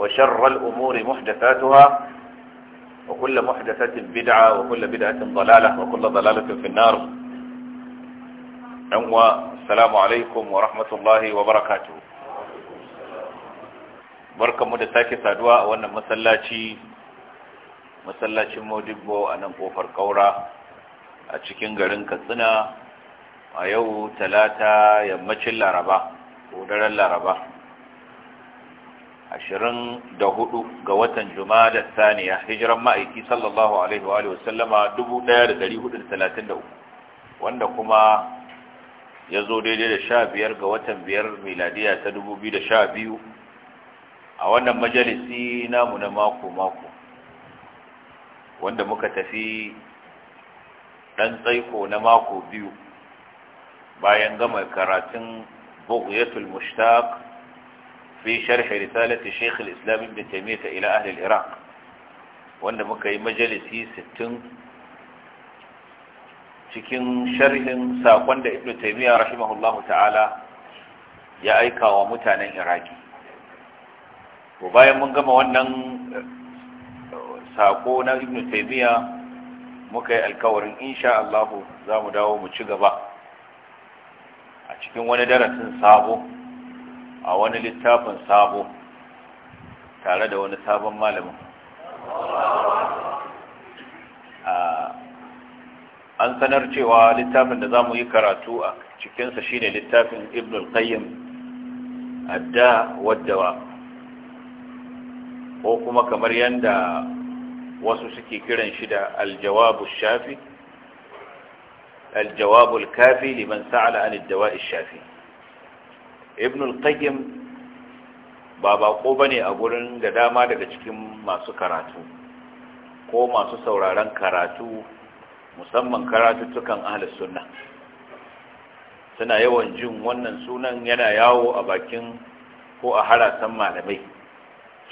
وشر الأمور محدثاتها وكل محدثة بدعة وكل بدعة ضلالة وكل ضلالة في النار أموى السلام عليكم ورحمة الله وبركاته بركة مدساك سادواء وانا مسلاتي مسلاتي موجبو أنا مقوفر كورا أتشكين غرن كسنا a yau talata yammacin laraba ko daren laraba ashirin da hudu ga watan jumada saniya hijiran ma'aiki sallallahu alaihi wa talatin da 1433 wanda kuma ya zo daidai da sha biyar ga watan biyar miladiya ta 2012 a wannan majalisi namu na mako-mako wanda muka tafi ɗan tsaiko na mako biyu bayan gama karatun ya mushtaq fi sharhi risalati Sheikh al-Islam Ibn Taymiyyah ila ahli iraq wanda muka yi majalisi 60 cikin sharhin sakon da Ibn Taymiyyah rahimahullahu ta'ala ya aika wa mutanen Iraki to bayan mun gama wannan sako na Ibn Taymiyyah muka yi alkawarin insha Allahu za mu dawo mu ci gaba a cikin wani darasin sabo a wani littafin sabo tare da wani sabon malamin an sanar cewa littafin da za mu yi karatu a cikinsa shine littafin ibn al-qayyim adda waddawa ko kuma kamar yadda wasu suke kiran shi da aljawabu shafi aljawabu kafi liman sa'ala an dawai shafi ibn al-qayyim ba ko bane a gurin da dama daga cikin masu karatu ko masu sauraron karatu musamman tukan ahli sunna suna yawan jin wannan sunan yana yawo a bakin ko a harasan malamai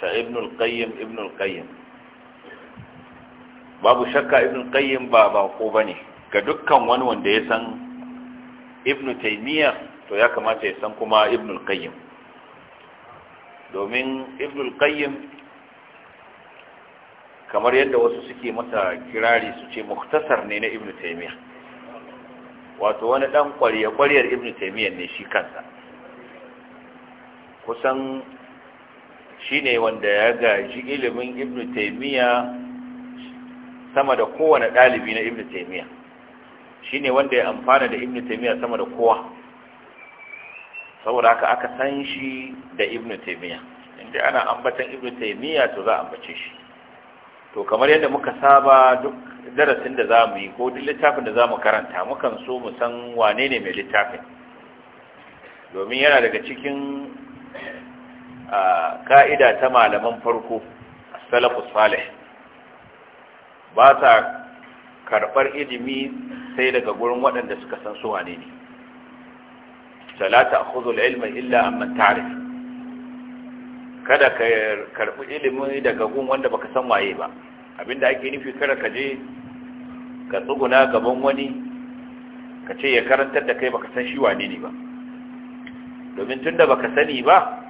sha ibn qayyim ibn qayyim babu shakka ibn al-qayyim ba ko bane ga dukkan wani wanda ya san ibn taymiyyah to ya kamata ya san kuma ibnul qayyim domin ibnul qayyim kamar yadda wasu suke masa kirari su ce muktasar ne na Ibn taymiya wato wani dan ƙwariya ƙwariyar Ibn taymiya ne shi kansa kusan shine wanda ya gaji ilimin Ibn taymiya sama da kowane ɗalibi na ibn taymiya shine wanda ya amfana da Ibn taymiya sama da kowa saboda haka aka san shi da ibnu taymiya inda ana ambatan ibnu taymiya to za a ambace shi to kamar yadda muka saba duk darasin da zamu yi ko duk littafin da zamu karanta mukan so mu san wane ne mai littafin domin yana daga cikin ka'ida ta malaman farko salafus salih ba sa karɓar ilimi sai daga gurin waɗanda suka san su wane ne la ta'khudhu al-ilma illa amma ta'rif kada ka karbi ilimi daga gun wanda baka san waye ba abinda ake nufi kada ka je ka tsuguna gaban wani ka ce ya karantar da kai baka san shi wane ne ba domin tunda baka sani ba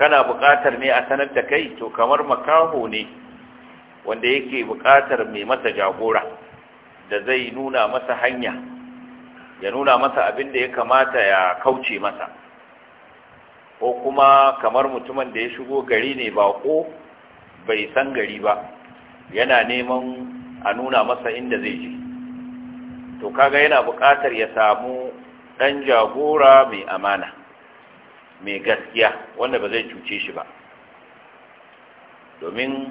kana buƙatar ne a sanar da kai to kamar makaho ne wanda yake buƙatar mai masa jagora da zai nuna masa hanya ya nuna masa abin da ya kamata ya kauce masa ko kuma kamar mutumin da ya shigo gari ne ba ko bai san gari ba yana neman a nuna masa inda zai je to kaga yana buƙatar ya samu ɗan jagora mai amana mai gaskiya wanda ba zai cuce shi ba domin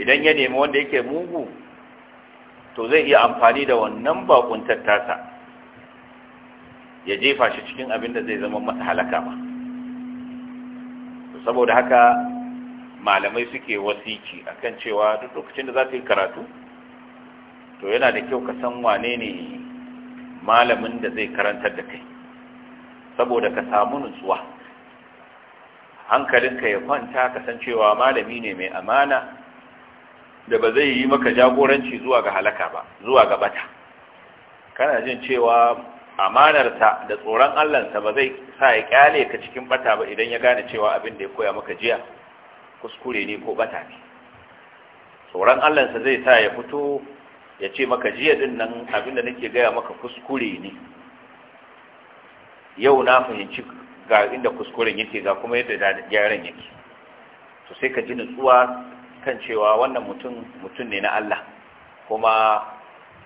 idan ya nemi wanda yake mugu to zai iya amfani da wannan bakuntar tattasa ya jefa shi cikin abin da zai zama masa halaka ba saboda haka malamai suke wasiki akan cewa duk lokacin da za ka yi karatu to yana da kyau ka san wane ne malamin da zai karantar da kai saboda ka samu nutsuwa hankalinka ya kwanta ka san cewa malami ne mai amana da ba zai yi maka jagoranci zuwa ga halaka ba zuwa ga bata kana jin cewa amanarsa da tsoron Allahnsa ba zai sa ya kyale ka cikin bata ba idan ya gane cewa abin da ya koya maka jiya kuskure ne ko bata ne tsoron Allahnsa zai sa ya fito ya ce maka jiya din nan abin da nake gaya maka kuskure ne yau na fahimci ga inda kuskuren yake ga kuma yadda gyaran yake to sai ka ji nutsuwa kan cewa wannan mutum mutum ne na Allah kuma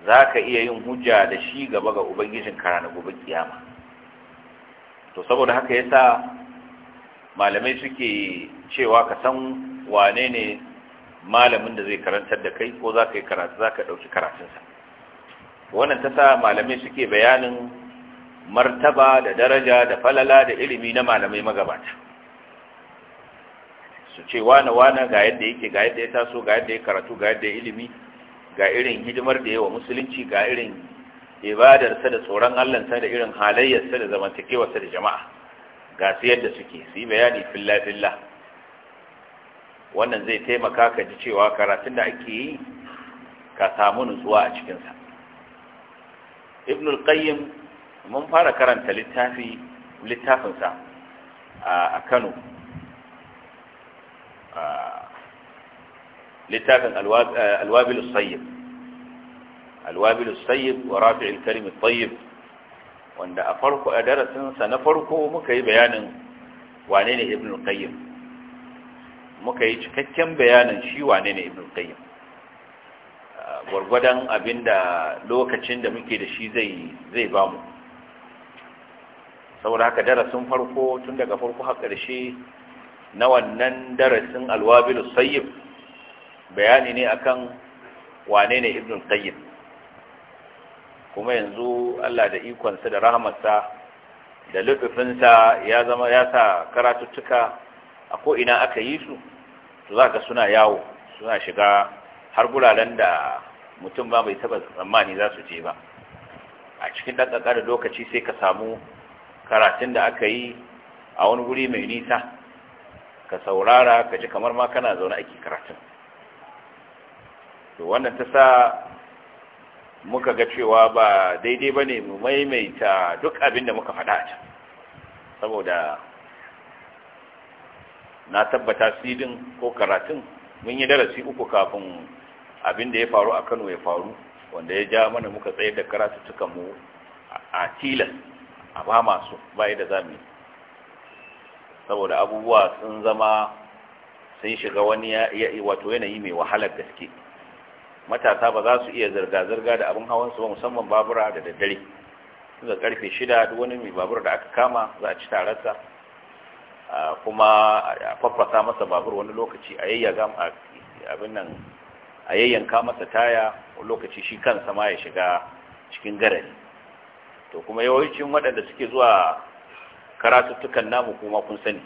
za ka iya yin hujja da shi gaba ga ubangijin ka gobe kiyama to saboda haka yasa malamai suke cewa ka san wane ne malamin da zai karantar da kai ko za ka yi karatu za ka ɗauki karatunsa wannan ta sa malamai suke bayanin martaba da daraja da falala da ilimi na malamai magabata su ce wane wane ga yadda yake ga yadda ya taso ga yadda ya karatu ga yadda ya ilimi ga irin hidimar da yawa musulunci ga irin ibadarsa da tsoron allansa da irin halayyarsa da zamantakewarsa da jama'a ga su yadda suke su yi bayani filla-filla wannan zai taimaka ka ji cewa karatun da ake yi ka samu nutsuwa a cikinsa ibn qayyim mun fara karanta littafi littafinsa a kano littafin alwabil sayyib alwabil sayyib wa rafi'il kalim tayyib wanda a farko a darasin sa na farko muka yi bayanin wane ne ibn al-qayyim muka yi cikakken bayanin shi wane ne ibn al-qayyim gwargwadon abinda lokacin da muke da shi zai zai bamu saboda haka darasin farko tun daga farko har ƙarshe na wannan darasin alwabil sayyib bayani ne akan wane ne ibn qayyim kuma yanzu Allah da ikonsa da rahamarsa da lubufinsa ya zama ya sa karatuttuka a ko'ina aka yi su to zaka suna yawo suna shiga har guraren da mutum ba bai taba tsammani za su je ba a cikin ɗan da lokaci sai ka samu karatun da aka yi a wani wuri mai nisa ka saurara ka ji kamar ma kana zaune ake karatun to wannan ta sa muka ga cewa ba daidai ba ne mu maimaita duk abin da muka faɗa ta saboda na tabbata sidin ko karatun mun yi darasi uku kafin abin da ya faru a kano ya faru wanda ya ja mana muka tsaye da karatu suka mu a tilas a ba masu bayi da zami saboda abubuwa sun zama sun shiga wani ya iya wato yanayi mai wahalar gaske matasa ba za su iya zirga-zirga da abin hawan su ba musamman babura da daddare da karfe shida duk wani mai babur da aka kama za a ci tararsa kuma a faffasa masa babur wani lokaci a yayyaga abin nan a yayyanka masa taya wani lokaci shi kansa ma ya shiga cikin garari to kuma yawancin waɗanda suke zuwa karatuttukan namu kuma kun sani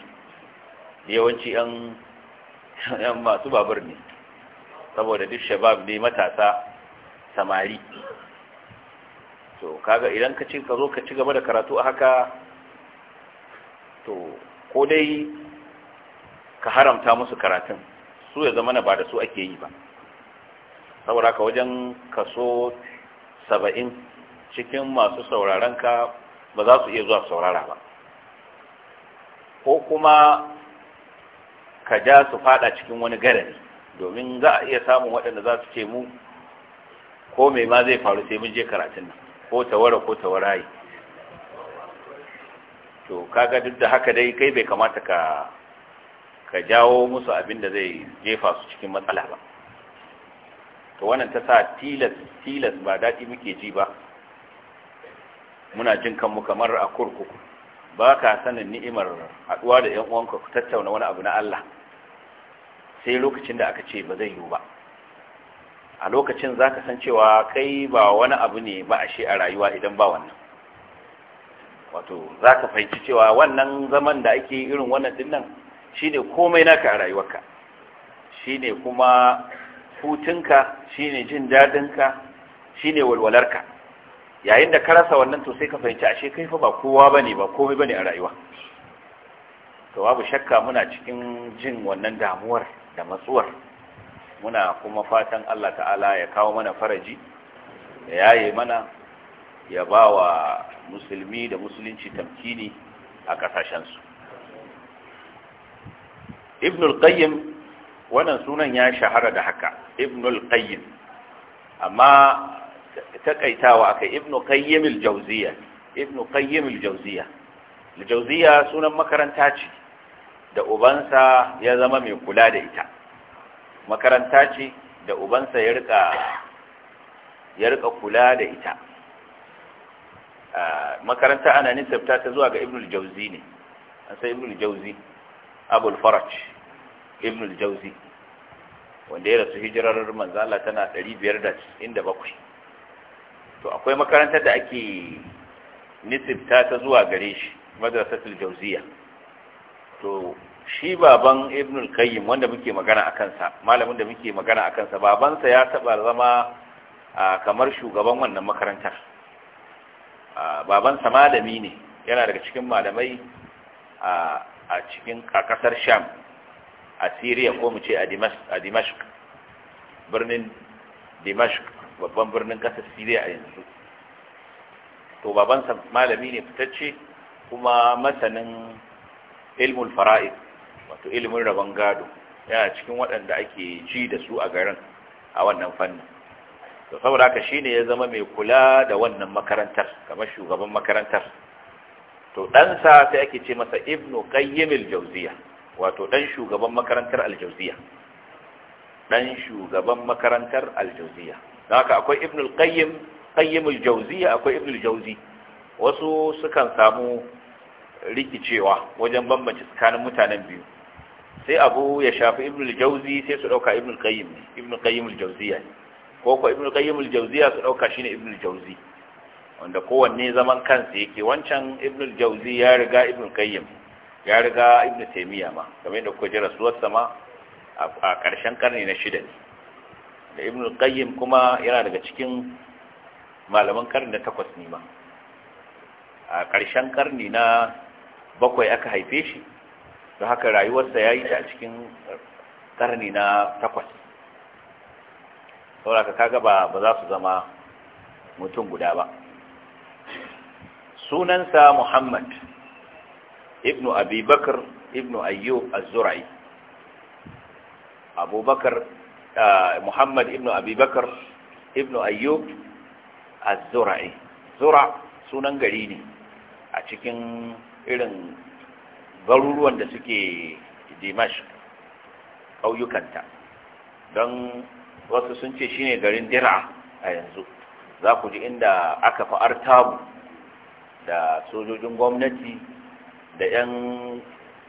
yawanci 'yan masu babur ne saboda duk shabab ne matasa samari to kaga idan ka ci ka zo ka ci gaba da karatu a haka to ko dai ka haramta musu karatun su ya zama na ba da su ake yi ba saboda ka wajen kaso saba'in cikin masu sauraron ka ba za su iya zuwa saurara ba ko kuma ka ja su fada cikin wani garari domin za a iya samun waɗanda za su ce mu ko mai ma zai faru sai mun je karatun nan ko tawara ko tawarayi to kaga duk da haka dai kai bai kamata ka ka jawo musu abin da zai jefa su cikin matsala ba to wannan ta sa tilas tilas ba daɗi muke ji ba muna jin kanmu kamar a kurkuku ba ka sanin ni'imar haɗuwa da 'yan uwanka ku tattauna wani abu na Allah sai lokacin da aka ce ba zai yiwu ba a lokacin za ka san cewa kai ba wani abu ne ba a shi a rayuwa idan ba wannan wato za ka fahimci cewa wannan zaman da ake irin wannan dinnan shi komai naka a rayuwarka shi ne kuma hutunka shi jin daɗinka shi ne walwalarka yayin da ka rasa wannan to sai ka fahimci ashe kai fa ba kowa ba ne ba komai ba ne a rayuwa to babu shakka muna cikin jin wannan damuwar da matsuwar muna kuma fatan Allah ta'ala ya kawo mana faraji ya yaye mana ya ba wa musulmi da musulunci tamkini a ƙasashensu ibn al-qayyim wannan sunan ya shahara da haka ibn al-qayyim amma takaitawa akai ibn qayyim al jawziyya ibn qayyim al jawziyya al jawziyya sunan makaranta ce da ubansa ya zama mai kula da ita makaranta ce da ubansa ya rika ya rika kula da ita makaranta ana nisabta ta zuwa ga ibnul jauzi ne an sai ibnul jauzi abul faraj ibnul jauzi wanda ya rasu hijirar manzo Allah tana 597 to akwai makarantar da ake nisabta ta zuwa gare shi madrasatul jauziya to shi baban ibnul qayyim wanda muke magana a kansa malamin da muke magana a kansa babansa ya taba zama kamar shugaban wannan makarantar babansa malami ne yana daga cikin malamai a cikin kasar sham a syria ko mu ce a dimashq birnin dimashq babban birnin kasar syria a yanzu to babansa malami ne fitacce kuma masanin ilmul fara'id wato ilmin rabon gado yana cikin waɗanda ake ji da su a garin a wannan fannin to saboda haka shine ya zama mai kula da wannan makarantar kamar shugaban makarantar to sa sai ake ce masa ibnu qayyim al-jawziya wato ɗan shugaban makarantar al-jawziya ɗan shugaban makarantar al-jawziya don haka akwai ibnu qayyim qayyim al-jawziya akwai ibnu al-jawzi wasu sukan samu rikicewa wajen bambance tsakanin mutanen biyu sai abu ya shafi ibn al-jawzi sai su dauka ibn al-qayyim ibn al-qayyim al-jawziya ko ko ibn al-qayyim al-jawziya su dauka shine ibn al-jawzi wanda kowanne zaman kansa yake wancan ibn al-jawzi ya riga ibn al-qayyim ya riga ibn taymiya ma kamar yadda kuka ji rasuwar sama a karshen karni na shida ne da ibn al-qayyim kuma yana daga cikin malaman karni na takwas ne ma a karshen karni na bakwai aka haife shi da haka rayuwarsa ya yi ta a cikin ƙarni na takwas ka kaga ba ba za su zama mutum guda ba sunansa muhammad ibnu abubakar ibnu ayyub azurai abubakar muhammad ibnu abubakar ibnu ayyub azurai zura sunan gari ne a cikin irin garuruwan da suke dimash ƙauyukanta don wasu sun ce shine garin dira a yanzu za ku ji inda aka fi artabu da sojojin gwamnati da 'yan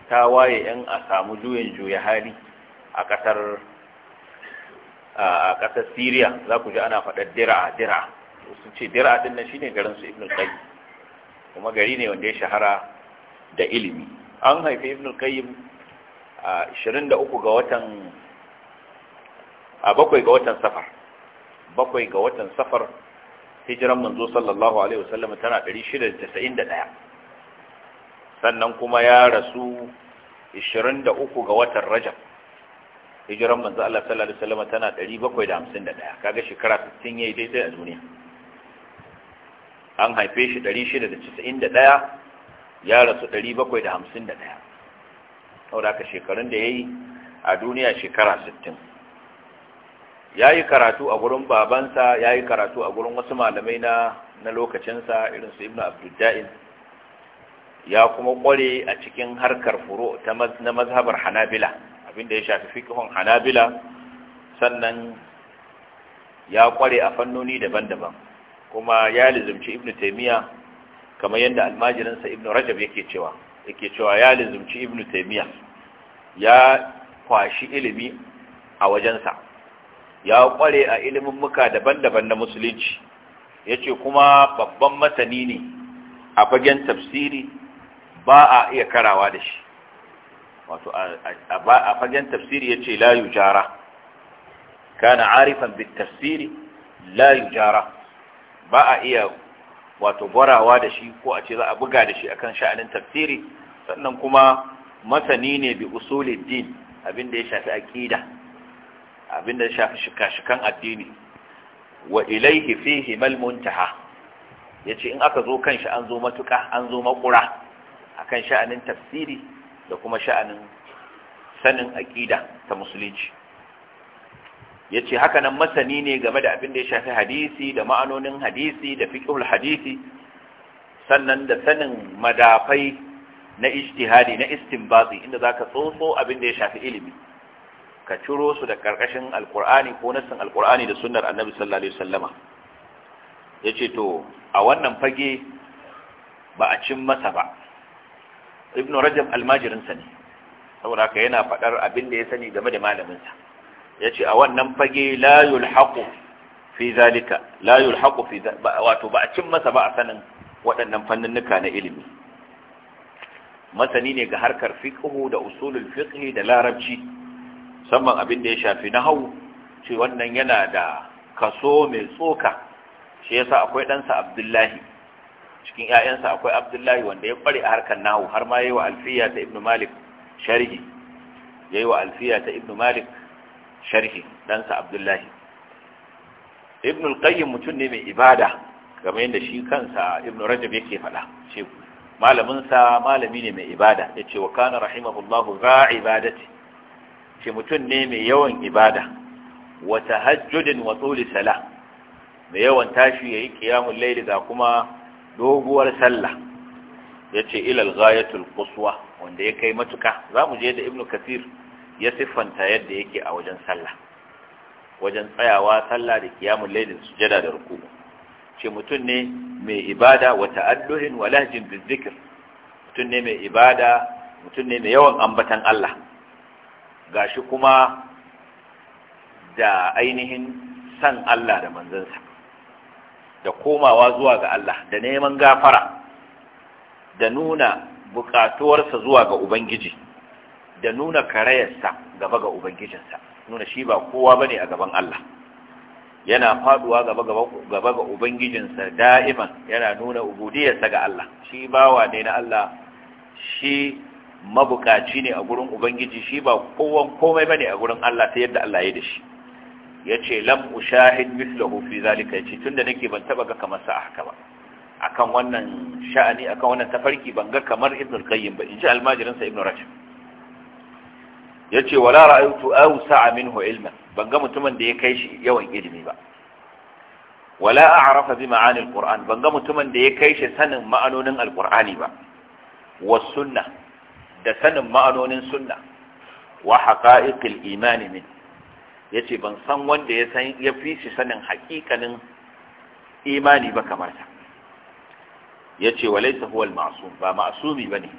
tawaye 'yan a samu juyin juya hali a ƙasar a ƙasar syria za ku ji ana faɗar dira dira sun ce dira ɗin nan shine garinsu ibn kai kuma gari ne wanda ya shahara da ilimi an haifi ibn al-qayyim a 23 ga watan a bakwai ga watan safar bakwai ga watan safar hijiran manzo sallallahu alaihi wasallam tana 691 sannan kuma ya rasu 23 ga watan rajab hijiran manzo Allah sallallahu alaihi wasallam tana 751 kaga shekara 60 yayi daidai a duniya an haife shi 691 ya rasu 751 saboda da shekarun da ya yi a duniya shekara sittin, ya yi karatu a gurin babansa ya yi karatu a gurin wasu malamai na na lokacinsa irinsu ibn abdullahi ya kuma kware a cikin harkar furo na mazhabar hanabila abinda ya shafi fikihun hanabila sannan ya kware a fannoni daban-daban kuma ya lizumci ibn taimiyya kamar yadda almajirinsa ibnu rajab yake cewa yake cewa ya lizumci ibnu Taimiyya, ya kwashi ilimi a wajensa ya kware a ilimin muka daban-daban na musulunci yace kuma babban masani ne a fagen tafsiri ba a iya karawa da shi wato a fagen tafsiri yace layu jara. kana arifan bit tafsiri la yujara ba a iya wato gwarawa da shi ko a ce za a buga da shi akan sha'anin tafsiri sannan kuma masani ne bi usulid din abinda ya shafi aqida abinda ya shafi shikashikan addini wa ilayhi fihi mal muntaha yace in aka zo kan shi an zo matuka an zo makura akan sha'anin tafsiri da kuma sha'anin sanin aqida ta musulunci Ya haka nan masani ne game da abin da ya shafi hadisi da ma'anonin hadisi da fiqhul hadisi sannan da sanin madafai na ijtihadi na istinbati inda zaka tsotso abin da ya shafi ilimi ka ciro su da karkashin alqur'ani ko nassin alqur'ani da sunnar annabi sallallahu alaihi wasallama yace to a wannan fage ba a cin masa ba ibnu rajab almajirinsa ne saboda haka yana faɗar abin da ya sani game da malaminsa ce a wannan fage la yulhaqu fi zalika fi wato ba a cin masa ba a sanin waɗannan fanninnuka na ilimi masani ne ga harkar fiqhu da usulul fiqh da larabci musamman abin da ya shafi hau ce wannan yana da kaso mai tsoka shi yasa akwai ɗansa abdullahi cikin ‘ya'yansa akwai abdullahi wanda ya kware a harkar nahu har ma yi wa alfiya ta ibn malik sharhi ya yi wa alfiya ta ibn malik sharhi ɗansa abdullahi ibn al-qayyim mutum ne mai ibada game da shi kansa ibn rajab yake faɗa ce malamin sa malami ne mai ibada yace wa kana rahimahullahu za ibadati ce mutum ne mai yawan ibada wa tahajjudin wa tuli sala mai yawan tashi yayi qiyamul layl da kuma doguwar sallah yace ilal ghayatul quswa wanda ya kai matuka zamu je da ibn kathir ya siffanta yadda yake a wajen sallah wajen tsayawa sallah da kiyamun lailin sujada da ruku ce mutum ne mai ibada wa ta'alluhin wa lahjin bizikir mutum ne mai ibada mutum ne mai yawan ambatan Allah gashi kuma da ainihin san Allah da manzansa da komawa zuwa ga Allah da neman gafara da nuna bukatuwarsa zuwa ga Ubangiji da nuna karayarsa gaba ga ubangijinsa nuna shi ba kowa bane a gaban Allah yana faduwa gaba gaba ga ubangijinsa da'iman yana nuna ubudiyarsa ga Allah shi bawa ne na Allah shi mabukaci ne a gurin ubangiji shi ba kowan komai bane a gurin Allah ta yadda Allah ya da shi yace lam ushahid mithluhu fi zalika yace tunda nake ban taba ga kamar sa haka ba akan wannan sha'ani akan wannan tafarki ban ga kamar ibn qayyim ba inji almajirin sa ibn rajab yace wala ra'aytu awsa'a minhu ilman ban ga mutumin da ya kai shi yawan ilimi ba wala a'rafa bi ma'ani alquran ban ga mutumin da ya kai shi sanin ma'anonin alqurani ba wa sunna da sanin ma'anonin sunna wa haqa'iqil imani min yace ban san wanda ya san ya fi shi sanin haƙiƙanin imani ba kamar ta yace walaysa huwa al-ma'sum ba ma'sumi ne.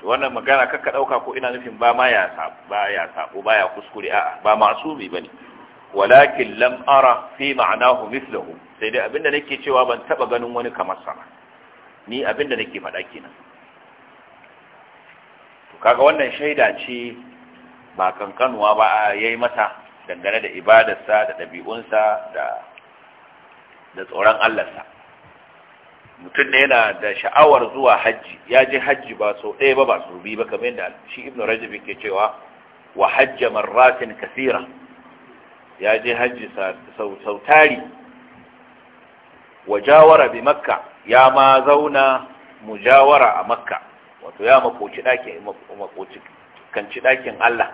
to wannan magana kakka dauka ko ina nufin ba ma ya sa ba ya ko ba ya kuskure a'a ba masumi bane walakin lam ara fi ma'anahu mithluhu sai dai abinda nake cewa ban taba ganin wani kamar sa ni abinda nake faɗa kenan to kaga wannan shaida ce ba kankanuwa ba yayi mata dangane da ibadarsa da ɗabi'unsa da da tsoron Allah sa mutum ne yana da sha'awar zuwa hajji ya je hajji ba sau ɗaya ba ba sau biyu ba kamar yadda shi ibnu rajab yake cewa wa hajja marratin kasira ya je hajji sau tari wa jawara bi makka ya ma zauna mujawara a makka wato ya makoci ɗakin makoci kanci ɗakin Allah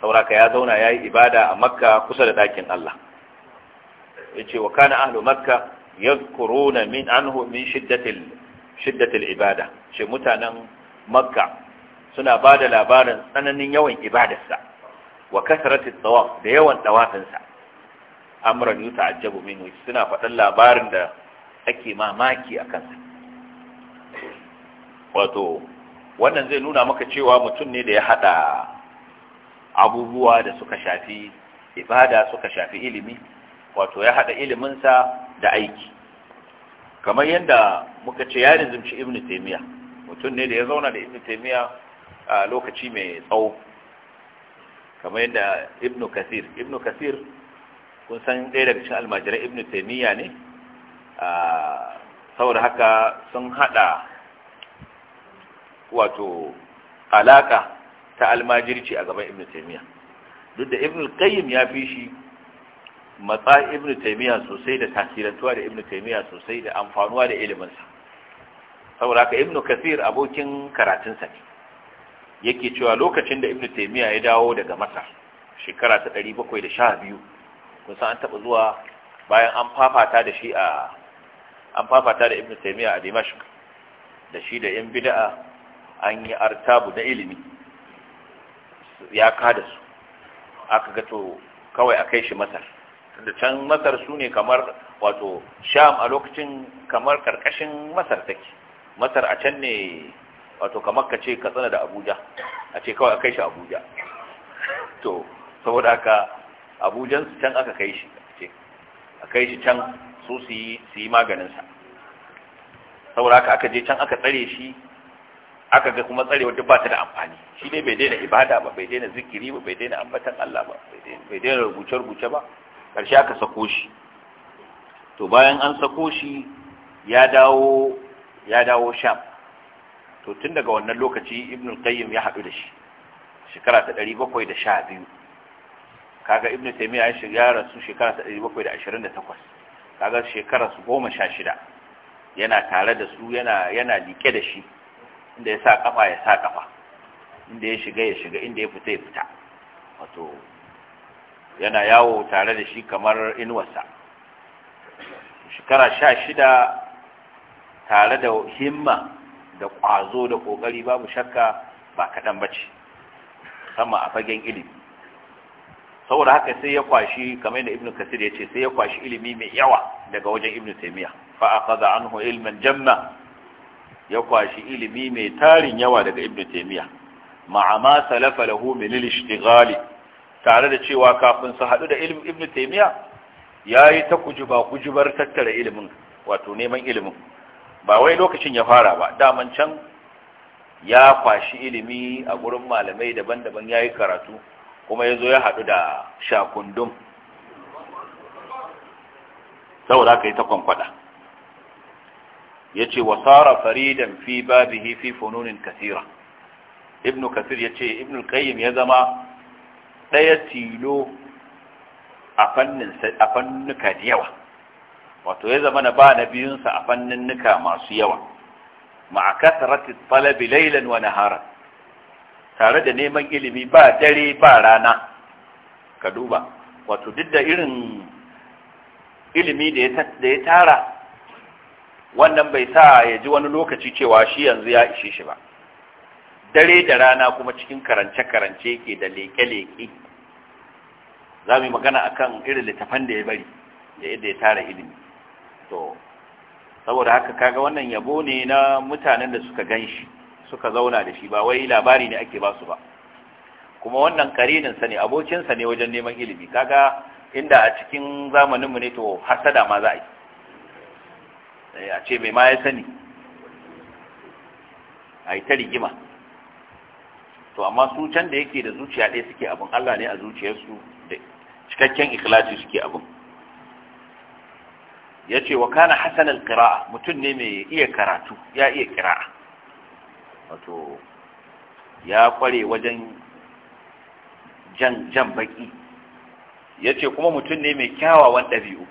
sauraka ya zauna ya yi ibada a makka kusa da ɗakin Allah ya ce wa kana ahlu makka yadkuruna min anhu min shiddatil shiddatil ibada shi mutanen makka suna bada labarin tsananin yawan ibadarsa wa kasrati tawaf da yawan tawafinsa amran yuta'ajjabu minhu suna faɗan labarin da ake mamaki akan sa wato wannan zai nuna maka cewa mutum ne da ya hada abubuwa da suka shafi ibada suka shafi ilimi wato ya hada iliminsa da aiki kamar yadda muka ce ya zumci ibn taimiyya mutum ne da ya zauna da ibn taimiyya a lokaci mai tsawo kamar yadda ibn kasir ibn kasir kun san ɗaya daga cikin almajirai ibn taimiyya ne saboda haka sun haɗa wato alaƙa ta almajirci a gaban ibn taimiyya duk da ibn qayyim ya fi shi matsa ibn taimiyya sosai da tasirantuwa da ibn taimiyya sosai da amfanuwa da iliminsa saboda haka ibn kasir abokin karatunsa ne yake cewa lokacin da ibn taimiyya ya dawo daga masa shekara ta ɗari 712 kun san an taɓa zuwa bayan an fafata da shi a an fafata da ibn taimiyya a dimashq da shi da yan bid'a an yi artabu na ilimi ya kada su aka ga to kawai a kai shi masar da can masar su ne kamar wato sham a lokacin kamar karkashin masar take masar a can ne wato kamar ka ce ka tsana da abuja a ce kawai a kai shi abuja to saboda aka abujan su can aka kai shi a kai shi can su su yi maganinsa saboda aka aka je can aka tsare shi aka ga kuma tsarewa duk ba ta da amfani shi ne bai daina ibada ba bai daina zikiri ba bai daina ambatan Allah ba bai daina rubuce-rubuce ba ƙarshe aka sako shi to bayan an sako shi ya dawo ya dawo sham to tun daga wannan lokaci ibn qayyim ya haɗu da shi shekara ta 712 kaga ibn taymiya ya shiga rasu shekara ta 728 kaga shekara su 16 yana tare da su yana yana dike da shi inda ya sa kafa ya sa kafa inda ya shiga ya shiga inda ya fita ya fita wato yana yawo tare da shi kamar inuwarsa shekara sha shida tare da himma da ƙwazo da ƙoƙari babu shakka ba kaɗan ba ce sama a fagen ilimi saboda haka sai ya kwashi kamar da ibn kasir ya ce sai ya kwashi ilimi mai yawa daga wajen ibn taimiyya fa an ho ilman jamma ya kwashi ilimi mai tarin yawa daga ibn taimiyya ma'ama salafa lahu min lishtigali tare da cewa kafin su haɗu da ibn taimiya ya yi ta kujuba kujubar tattara ilimin wato neman ilimin ba wai lokacin ya fara ba daman can ya kwashi ilimi a gurin malamai daban-daban ya yi karatu kuma ya zo ya haɗu da shakundum saboda ka yi ta kwankwada ya ce wa tsara faridan fi babihi fi fununin kasira ibn kasir ya ce ibn kayyim ya zama ɗaya tilo a fannuka da yawa wato ya zama na ba na biyunsa a fannuka masu yawa ma'a kasaratit talabi lailan wa nahara tare da neman ilimi ba dare ba rana ka duba wato duk da irin ilimi da ya tara wannan bai sa ya ji wani lokaci cewa shi yanzu ya ishe shi ba dare da rana kuma cikin karance-karance ke da leke-leke za mu yi magana a kan irin littafan da ya bari da yadda ya tara ilimi to saboda haka kaga wannan yabo ne na mutanen da suka gan shi suka zauna da shi ba wai labari ne ake basu ba kuma wannan karininsa ne abokinsa ne wajen neman ilimi kaga inda a cikin zamaninmu ne to hasada ma za a yi eh, a ce mai ma ya sani a yi ta rigima to amma su can da yake da zuciya ɗaya suke abin Allah ne a zuciyarsu da cikakken ikhlasi suke abin ya ce wa kana hasan alƙira'a mutum ne mai iya karatu ya iya ƙira'a wato ya kware wajen jan jan baki ya ce kuma mutum ne mai kyawawan ɗabi'u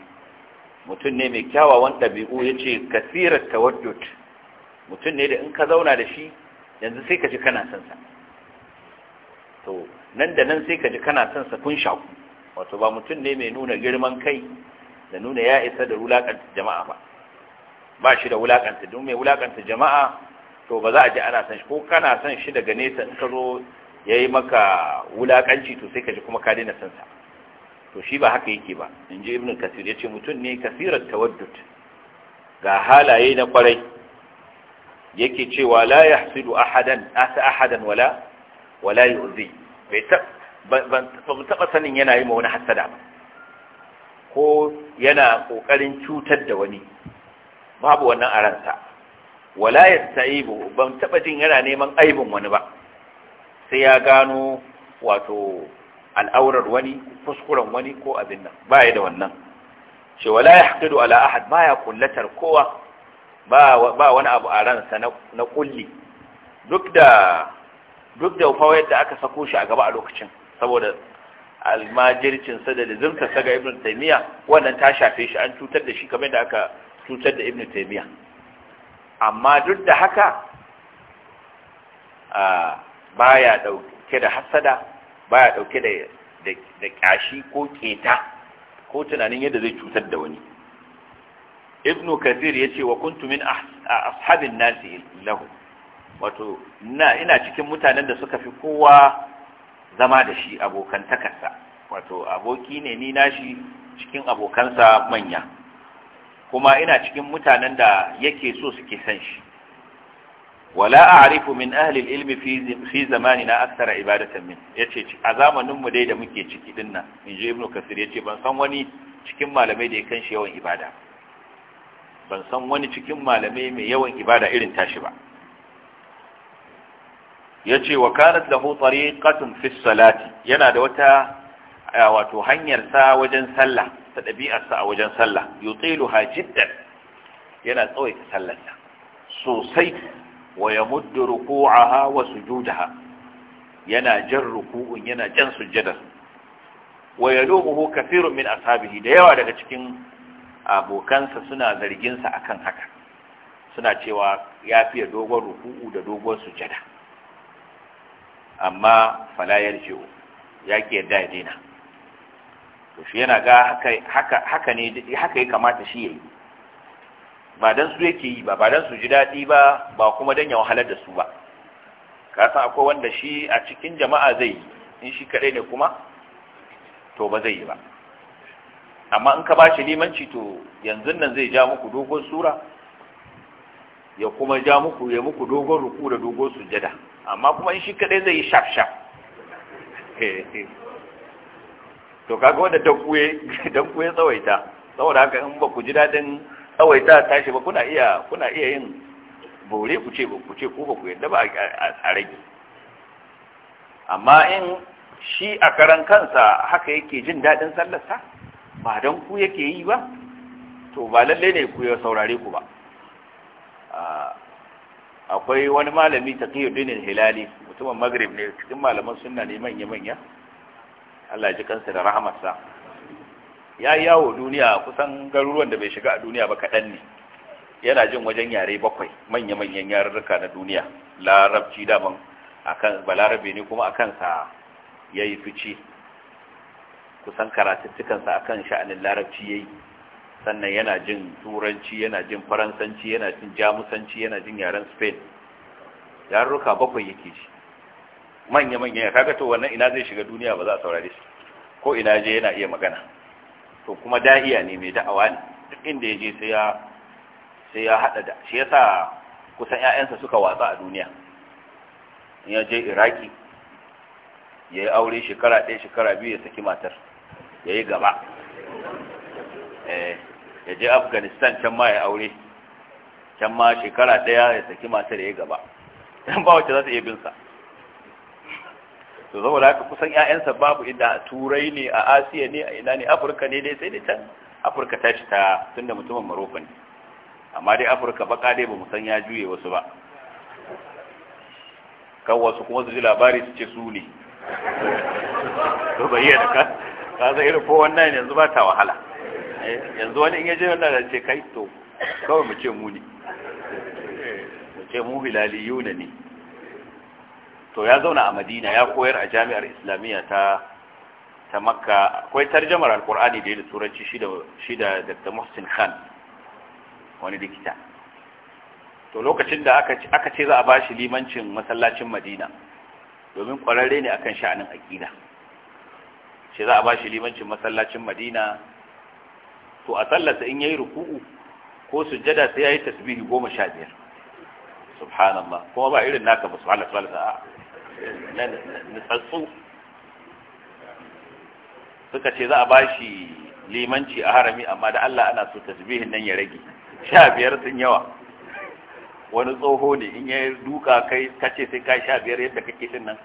mutum ne mai kyawawan ɗabi'u ya ce kasirar tawaddut mutum ne da in ka zauna da shi yanzu sai ka ci kana son sa to nan da nan sai ka ji kana son sa kun shaku wato ba mutum ne mai nuna girman kai da nuna ya isa da wulakanta jama'a ba ba shi da wulakanta don mai wulakanta jama'a to ba za a ji ana son shi ko kana son shi daga nesa in ka zo ya maka wulakanci to sai ka ji kuma ka daina son sa to shi ba haka yake ba in ji ibn kasir ya ce mutum ne kasirar tawaddud ga halaye na kwarai yake cewa la yahsidu ahadan asa ahadan wala wala yu'zi bai ba mu sanin yana yi ma wani hasada ba ko yana kokarin cutar da wani babu wannan a ransa wala yastaibu ban taba jin yana neman aibin wani ba sai ya gano wato al'aurar wani kuskuren wani ko abin nan ba ya da wannan shi wala haƙidu ala ahad ya kullatar kowa ba ba wani abu a ransa na kulli duk da duk da fa yadda aka sako shi a gaba a lokacin saboda almajircin sa da lizimta saga ibn taymiya wannan ta shafe shi an cutar da shi kamar da aka cutar da ibn taymiya amma duk da haka a baya dauke da hasada baya dauke da da kashi ko keta ko tunanin yadda zai cutar da wani ibn kathir ce wa kuntu min ashabin nasi lahu wato ina ina cikin mutanen da suka fi kowa zama da shi abokantakarsa wato aboki ne ni nashi cikin abokansa manya kuma ina cikin mutanen da yake so suke san shi wala a'rifu min ahli al-ilm fi fi zamanina akthara ibadatan min yace a zamanin mu dai da muke ciki dinnan inji ibnu kasir yace ban san wani cikin malamai da ya kanshi shi yawan ibada ban san wani cikin malamai mai yawan ibada irin tashi ba Ya ce wa kanat lahu tariqatun fi salati yana da wata wato hanyar sa wajen sallah ta dabi'ar sa a wajen sallah yutiluha jiddan yana tsawaita sallar sa sosai wa yamuddu ruku'aha wa sujudaha yana jan ruku'un yana jan sujjadar wa yaluhu kathirun min ashabihi da yawa daga cikin abokansa suna zargin sa akan haka suna cewa ya fiye dogon ruku'u da dogon sujjada amma fala yarji'u ya ke yadda ya daina to shi yana ga haka ne haka ya kamata shi ya yi? ba don su yake yi ba ba don su ji daɗi ba ba kuma don ya wahalar da su ba ka san akwai wanda shi a cikin jama'a zai yi in shi kaɗai ne kuma to ba zai yi ba amma in ka ba shi limanci to yanzu nan zai ja muku dogon sura ya kuma ja muku ya muku dogon ruku da dogon sujada amma kuma in shi kadai zai yi shaf shaf to kaga wanda ta kuye dan kuye tsawaita saboda haka in ba ku ji dadin tsawaita tashi ba kuna iya kuna iya yin bore ku ce ba ku ce ko ba ku yadda ba a rage amma in shi a karan kansa haka yake jin dadin sallarsa ba dan ku yake yi ba to ba lalle ne ku ya saurare ku ba ah, akwai wani malami taqiyuddin al-hilali mutumin maghrib ne cikin malaman sunna ne manya manya Allah ji kansa da rahamarsa ya yawo duniya kusan garuruwan da bai shiga a duniya ba kaɗan ne yana jin wajen yare bakwai manya-manyan yarurruka na duniya larabci daban akan balarabe ne kuma akan sa ya fici kusan karatuttukansa akan sha'anin larabci yayi sannan yana jin turanci yana jin faransanci yana jin jamusanci yana jin yaren spain yarurruka bakwai yake shi manya-manya ya kaga to wannan ina zai shiga duniya ba za a saurare shi ko ina je yana iya magana to kuma da'iya ne mai da'awa ne duk inda ya je sai ya sai ya hada da shi yasa kusan ƴaƴansa suka watsa a duniya in ya je iraki ya yi aure shekara ɗaya shekara biyu ya saki matar ya yi gaba eh. ya je afghanistan can ma ya aure can ma shekara daya ya saki matar ya gaba yan ba wacce za ta iya binsa to saboda haka kusan 'ya'yansa babu inda turai ne a asiya ne a ina ne afirka ne dai sai dai can afirka ta shi ta tunda mutumin maroko ne amma dai afirka baka dai ba san ya juye wasu ba kan wasu kuma su ji labari su ce su ne to bayyana ka ka zai irin ko wannan yanzu ba ta wahala yanzu wani in yaje Allah da ce kai to kawai mu ce mu ne mu ce mu yuna ne to ya zauna a Madina ya koyar a jami'ar Islamiyya ta ta Makka akwai tarjamar Alkur'ani da ya da turanci shida da Dr. Muhsin Khan wani likita to lokacin da aka ce za a bashi limancin masallacin Madina domin kwararre ne akan sha'anin aqida ce za a bashi limancin masallacin Madina to a sallarsa in yayi ruku'u ko sujjada sai yayi tasbihi 15 subhanallah kuma ba irin naka ba subhanallah sallallahu alaihi wasallam tsatsu suka ce za a bashi limanci a harami amma da Allah ana so tasbihin nan ya rage 15 sun yawa wani tsoho ne in ya duka kai kace sai ka 15 yadda kake din nan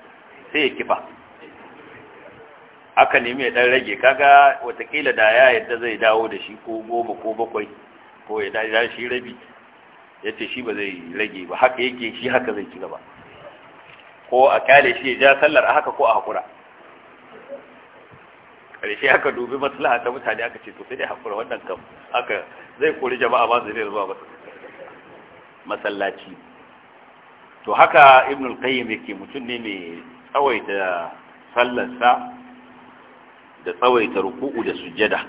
sai ya kifa aka nemi ya dan rage kaga watakila da ya yadda zai dawo da shi ko goma ko bakwai ko ya da shi rabi ya ce shi ba zai rage ba haka yake shi haka zai ci gaba ko a kyale shi ya ja sallar a haka ko a haƙura ƙarshe aka dubi maslaha ta mutane aka ce to sai dai haƙura wannan kam aka zai kori jama'a ba zai zuwa ba masallaci to haka ibnu qayyim yake mutum ne mai tsawaita sallarsa da tsawaita ruku'u da sujjada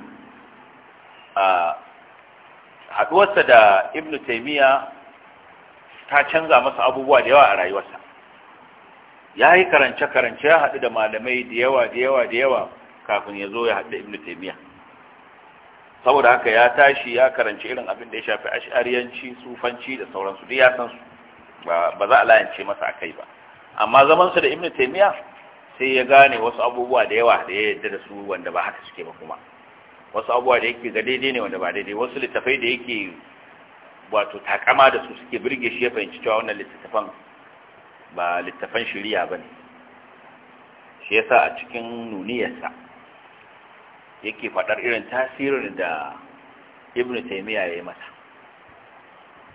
a haduwarsa da ibnu taymiya ta canza masa abubuwa da yawa a rayuwarsa ya yi karance-karance ya haɗu da malamai da yawa da yawa da yawa kafin ya zo ya haɗu da ibn taimiyya saboda haka ya tashi ya karanci irin abin da ya shafi ashariyanci sufanci da sauransu duk ya san su ba za a layance masa a kai ba amma zamansa da ibn taimiyya sai ya gane wasu abubuwa da yawa da ya yadda da su wanda ba haka suke ba kuma wasu abubuwa da yake ga daidai ne wanda ba daidai wasu littafai da yake wato takama da su suke birge shi ya fahimci cewa wannan littafan ba littafan shari'a ne. shi yasa a cikin nuniyarsa yake faɗar irin tasirin da ibn taymiya ya yi masa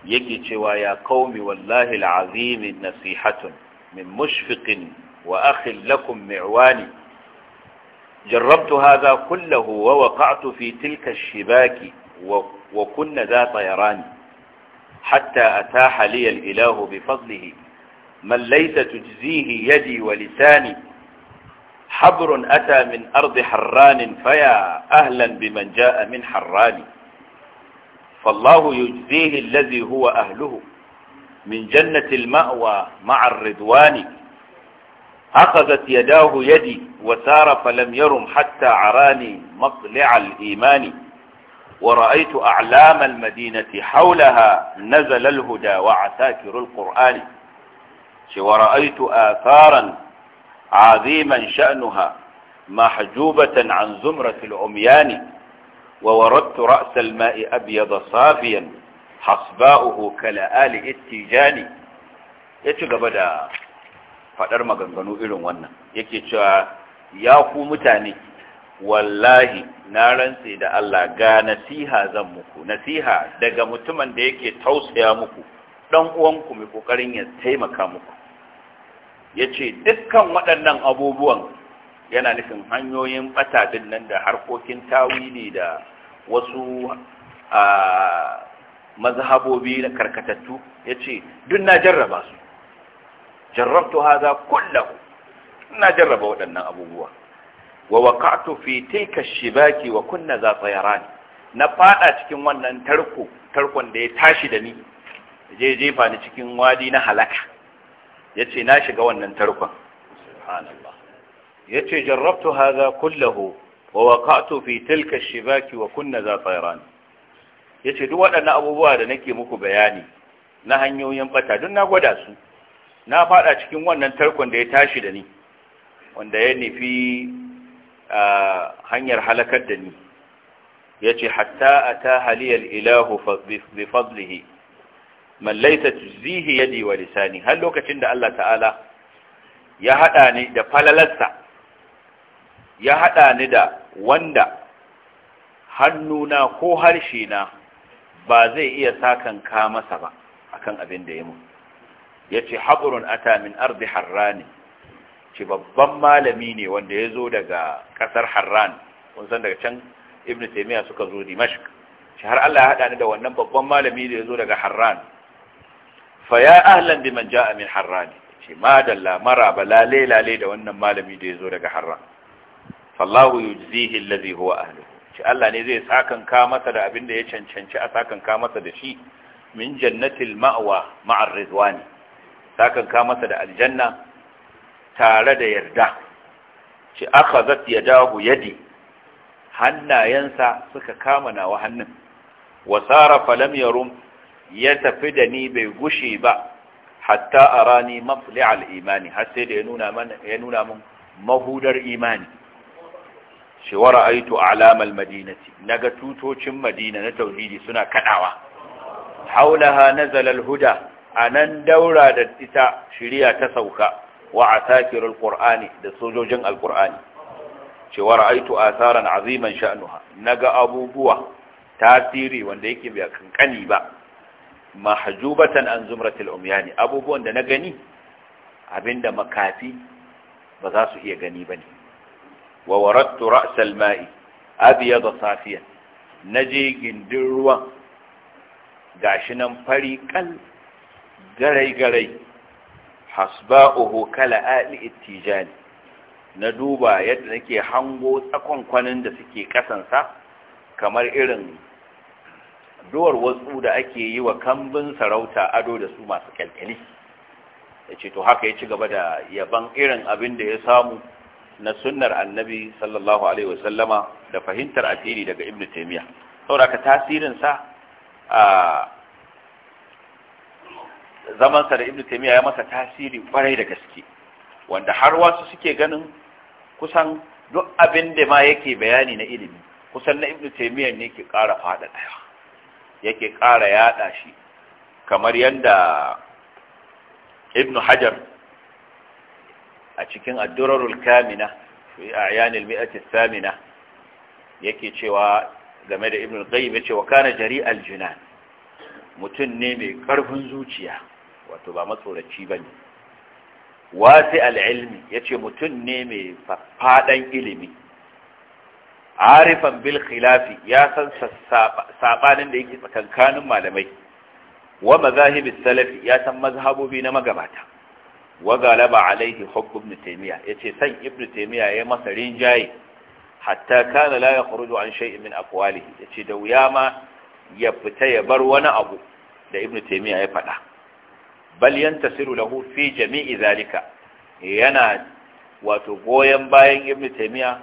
yake cewa ya qaumi wallahi al'azim nasihatun min mushfiqin وأخ لكم معواني جربت هذا كله ووقعت في تلك الشباك وكن ذا طيران حتى أتاح لي الإله بفضله من ليس تجزيه يدي ولساني حبر أتى من أرض حران فيا أهلا بمن جاء من حران فالله يجزيه الذي هو أهله من جنة المأوى مع الرضوان أخذت يداه يدي وسار فلم يرم حتى عراني مطلع الإيمان ورأيت أعلام المدينة حولها نزل الهدى وعساكر القرآن ورأيت آثارا عظيما شأنها محجوبة عن زمرة العميان ووردت رأس الماء أبيض صافيا حصباؤه كلآل التيجان يتقبل إيه faɗar maganganu irin wannan yake cewa ya ku mutane wallahi na rantse da Allah ga nasiha zan muku nasiha daga mutumin da yake tausaya muku dan uwanku mai kokarin ya taimaka muku yace dukkan waɗannan abubuwan yana nufin hanyoyin bata nan da harkokin tawili da wasu a mazhabobi da karkatattu yace duk na jarraba su jarrabtu hadha kullahu ina jarraba waɗannan abubuwa wa waqa'tu fi tilka shibaki wa kunna za tsayaran na fada cikin wannan tarko tarkon da ya tashi da ni je jefa ni cikin wadi na halaka yace na shiga wannan tarkon subhanallah yace jarrabtu hadha kullahu wa waqa'tu fi tilka shibaki wa kunna za tsayaran yace duk waɗannan abubuwa da nake muku bayani na hanyoyin bata duk na gwada su na fada cikin wannan tarkon da ya tashi da ni wanda ya nufi hanyar halakar da ni ya ce hatta a ta haliyar ilahu bifadlihi man laita tuzihi yadi wa lisani har lokacin da Allah ta'ala ya hada ni da falalarsa ya hada ni da wanda hannuna ko harshe na ba zai iya sakan kanka masa ba akan abin da ya mu yace habrun ata min ardi harrani ce babban malami ne wanda ya zo daga kasar harran kun san daga can ibn taymiya suka zo dimashq shi har Allah ya haɗa ni da wannan babban malami da ya zo daga harran fa ya ahlan bi biman jaa min harran ce ma madalla maraba lale lale da wannan malami da ya zo daga harran fallahu yujzihi allazi huwa ahluhu ce Allah ne zai sakan sakanka masa da abin da ya cancanci a sakan sakanka masa da shi min jannatil ma'wa ma'ar ridwani ka masa da aljanna tare da yarda ci ya dahu yadi hannayensa suka kama nawa hannun wasara falam yarum ya tafi da ni bai gushe ba hatta a rani mafli'al imani har sai da ya nuna min mun mahudar imani shi wa alamar alamal madinati naga tutocin madina na tauhidi suna kadawa haulaha zalal huda. a nan daura da ita shirya ta sauka wa asakirul qur'ani da sojojin alƙur'ani cewa ra'aitu asaran aziman sha'nuha ga abubuwa tasiri wanda yake bai kankani ba mahjubatan an zumratil umyani abubuwan da na gani abinda makafi ba za su iya gani ne. wa waradtu ra'sal ma'i abyad safiyan naje gindin ruwan gashi nan fari kal garai-garai hasba'uhu kala ali ittijani na duba yadda nake hango tsakon kwanin da suke kasansa kamar irin duwar wasu da ake yi wa kambin sarauta ado da su masu kyalkyali ya ce to haka ya ci gaba da yaban irin abin da ya samu na sunnar annabi sallallahu alaihi wasallama da fahimtar asiri daga ibnu taymiya saboda ka sa a zamansa da ibn taymiya ya masa tasiri kwarai da gaske wanda har wasu suke ganin kusan duk abin da ma yake bayani na ilimi kusan na ibn taymiya ne ke ƙara fada daya yake ƙara yaɗa shi kamar yadda ibn hajar a cikin ad-durarul kamina fi a'yanil mi'ati thamina yake cewa game da ibn al-qayyim yace wa kana jari'al mutum ne mai ƙarfin zuciya wato ba matsoraci ba ne wasi al'ilmi ya ce mutum ne mai faɗan ilimi arifan bil khilafi ya san saɓanin da yake tsakankanin malamai wa mazahibis salafi ya san mazhabobi na magabata wa galaba alaihi hubb ibn taymiya yace san ibn taymiya ya masa rinjaye hatta kana la yakhruju an shay'in min aqwalihi yace da wuya ma ya fita ya bar wani abu da ibn taymiya ya faɗa bal yantasiru lahu fi jami'i zalika yana wato goyen bayan ibnu taymiya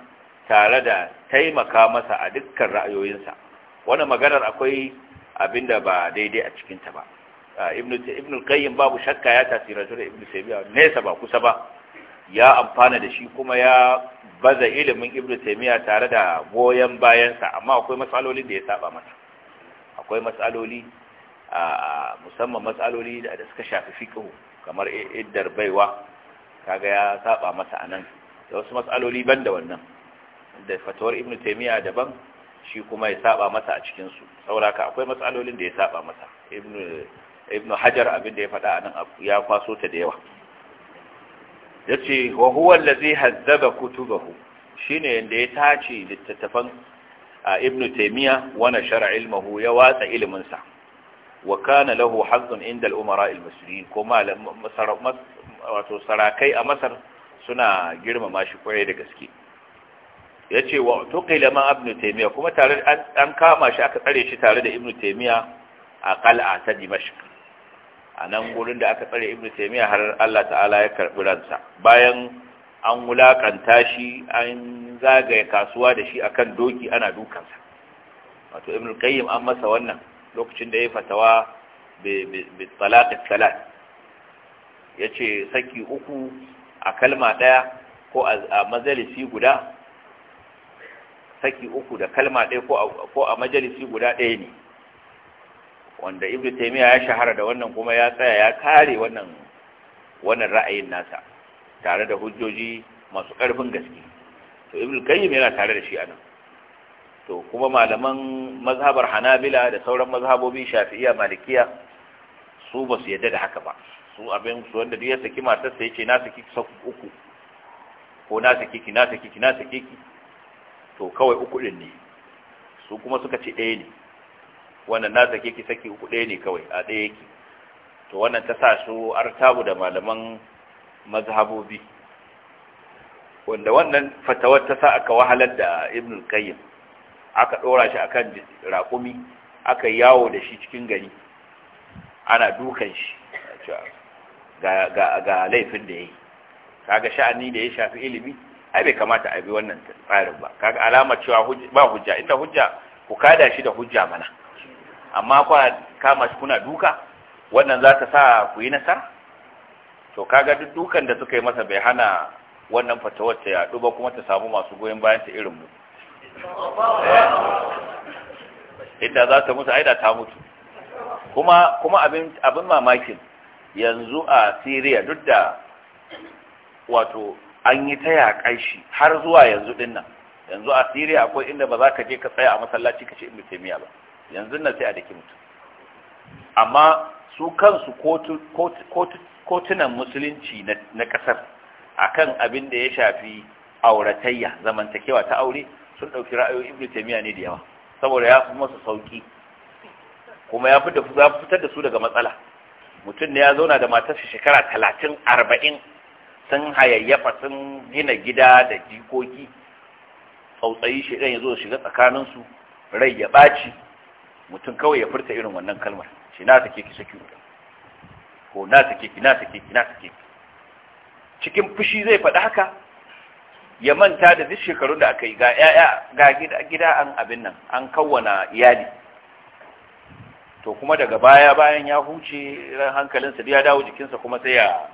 tare da taimaka masa a dukkan ra'ayoyinsa wannan maganar akwai abinda ba daidai a cikin ta ba ibnu ibnu qayyim babu shakka ya tasira da ibnu taymiya nesa ba kusa ba ya amfana da shi kuma ya baza ilimin ibnu taymiya tare da goyen bayansa amma akwai matsalolin da ya saba masa akwai matsaloli musamman matsaloli da suka shafi fiƙo kamar iddar baiwa kaga ya saba masa anan da wasu matsaloli ban da wannan da fatawar ibn taimiyya daban shi kuma ya saba masa a cikinsu. su sauraka akwai matsalolin da ya saba masa Ibn hajar abinda ya faɗa anan ya kwaso ta da yawa ce wa huwa allazi hazzaba kutubahu ne yadda ya tace littattafan A ibnu taimiyya wani sharar ilmuhu ya watsa iliminsa. wa kana lahu hazzun inda al-umara al-muslimin kuma wato sarakai a Masar suna girmama shi kwarai da gaske yace wa tuqila ma ibn taimiyya. kuma tare an kama shi aka tsare shi tare da ibn taymiya a qal'a ta a nan gurin da aka tsare ibn taymiya har Allah ta'ala ya karbi ransa bayan an wulakanta shi an zagaye kasuwa da shi akan doki ana dukansa wato ibn qayyim an masa wannan lokacin da ya fatawa bi talaqi Ya ce saki uku a kalma daya ko a majalisi guda saki uku da kalma ɗaya ko a majalisi guda ɗaya ne wanda ibnu taymiya ya shahara da wannan kuma ya tsaya ya kare wannan wannan ra'ayin nasa tare da hujjoji masu ƙarfin gaske to ibnu kayyim yana tare da shi anan to kuma malaman mazhabar hanabila da sauran mazhabobi shafi'iyya malikiya su ba su yadda da haka ba su abin su wanda duk ya saki matarsa ya ce na saki saku uku ko na saki ki na saki ki na saki ki to kawai uku din ne su kuma suka ce ɗaya ne wannan na saki ki saki uku ɗaya ne kawai a ɗaya yake to wannan ta sa su artabu da malaman mazhabobi wanda wannan fatawar ta sa aka wahalar da ibnul qayyim aka ɗora shi akan raƙumi aka yawo da shi cikin gari ana dukan shi ga laifin da ya yi kaga sha'ani da ya shafi ilimi ai bai kamata a bi wannan tsarin ba kaga alama cewa ba hujja inda hujja ku kada shi da hujja mana amma kwa kama shi kuna duka wannan za ta sa ku yi nasara to kaga duk dukan da suka yi masa bai hana wannan fatawar ta yaɗu ba kuma ta samu masu goyon bayan ta irin mu inda za ta mutu aida ta mutu kuma kuma abin abin mamakin yanzu a Syria duk da wato an yi ta yaƙan shi har zuwa yanzu din nan yanzu a Syria akwai inda ba za ka je ka tsaya a masallaci ka ce Ibn Taymiyyah ba yanzu nan sai a dake mutu amma su kansu kotunan musulunci na kasar akan abin da ya shafi auratayya zamantakewa ta aure sun ɗauki ra'ayoyin ibnu taymiya ne da yawa saboda ya fi masa sauki kuma ya fitar da su daga matsala mutum ne ya zauna da matarsa shekara talatin arba'in sun hayayyafa sun gina gida da jikoki tsautsayi shaidan ya zo shiga tsakaninsu rai ya ɓaci mutum kawai ya furta irin wannan kalmar shi na take ki saki wuta ko na take ki na take ki na take ki cikin fushi zai faɗi haka ya manta da duk shekarun da aka yi ga yaya ga gida an abin nan an kawana iyali to kuma daga baya bayan ya huce ran hankalinsa ya dawo jikinsa kuma sai ya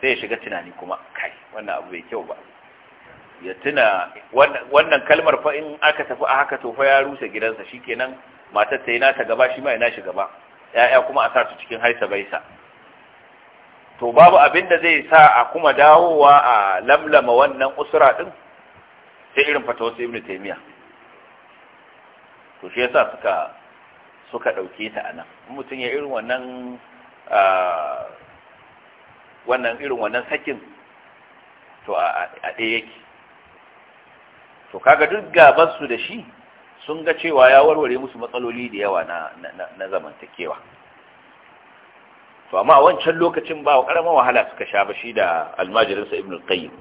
sai ya shiga tunani kuma kai wannan abu bai kyau ba ya tuna wannan kalmar fa in aka tafi a haka to fa ya rusa gidansa shikenan matar ta yi nata gaba shi ma ya nashi gaba ya'ya kuma a sa su cikin haisa baisa to babu abin da zai sa a kuma dawowa a lamlama wannan usura din sai irin fatawarsu ibn taymiya to shi yasa suka suka dauke ta a anan mutum ya irin wannan wannan irin wannan sakin to a ɗaya yake to kaga duk gabansu da shi sun ga cewa ya warware musu matsaloli da yawa na zamantakewa to amma a wancan lokacin ba karamin wahala suka sha ba shi da almajirinsa ibn al-qayyim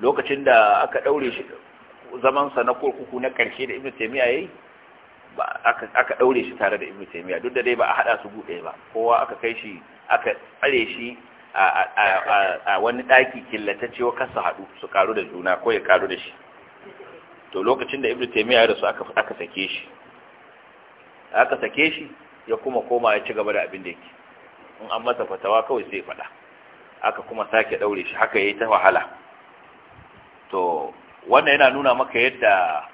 lokacin da aka daure shi zamansa na kurkuku na karshe da ibn taymiya yayi ba aka aka daure shi tare da ibn taymiya duk da dai ba a hada su gude ba kowa aka kai shi aka tsare shi a wani daki killatacce wa kansa hadu su karu da juna ko ya karu da shi to lokacin da ibn taymiya ya rasu aka aka sake shi aka sake shi ya kuma koma ya ci gaba da abin da yake in an masa fatawa kawai sai faɗa aka kuma sake ɗaure shi haka yayi ta wahala to wannan yana nuna maka yadda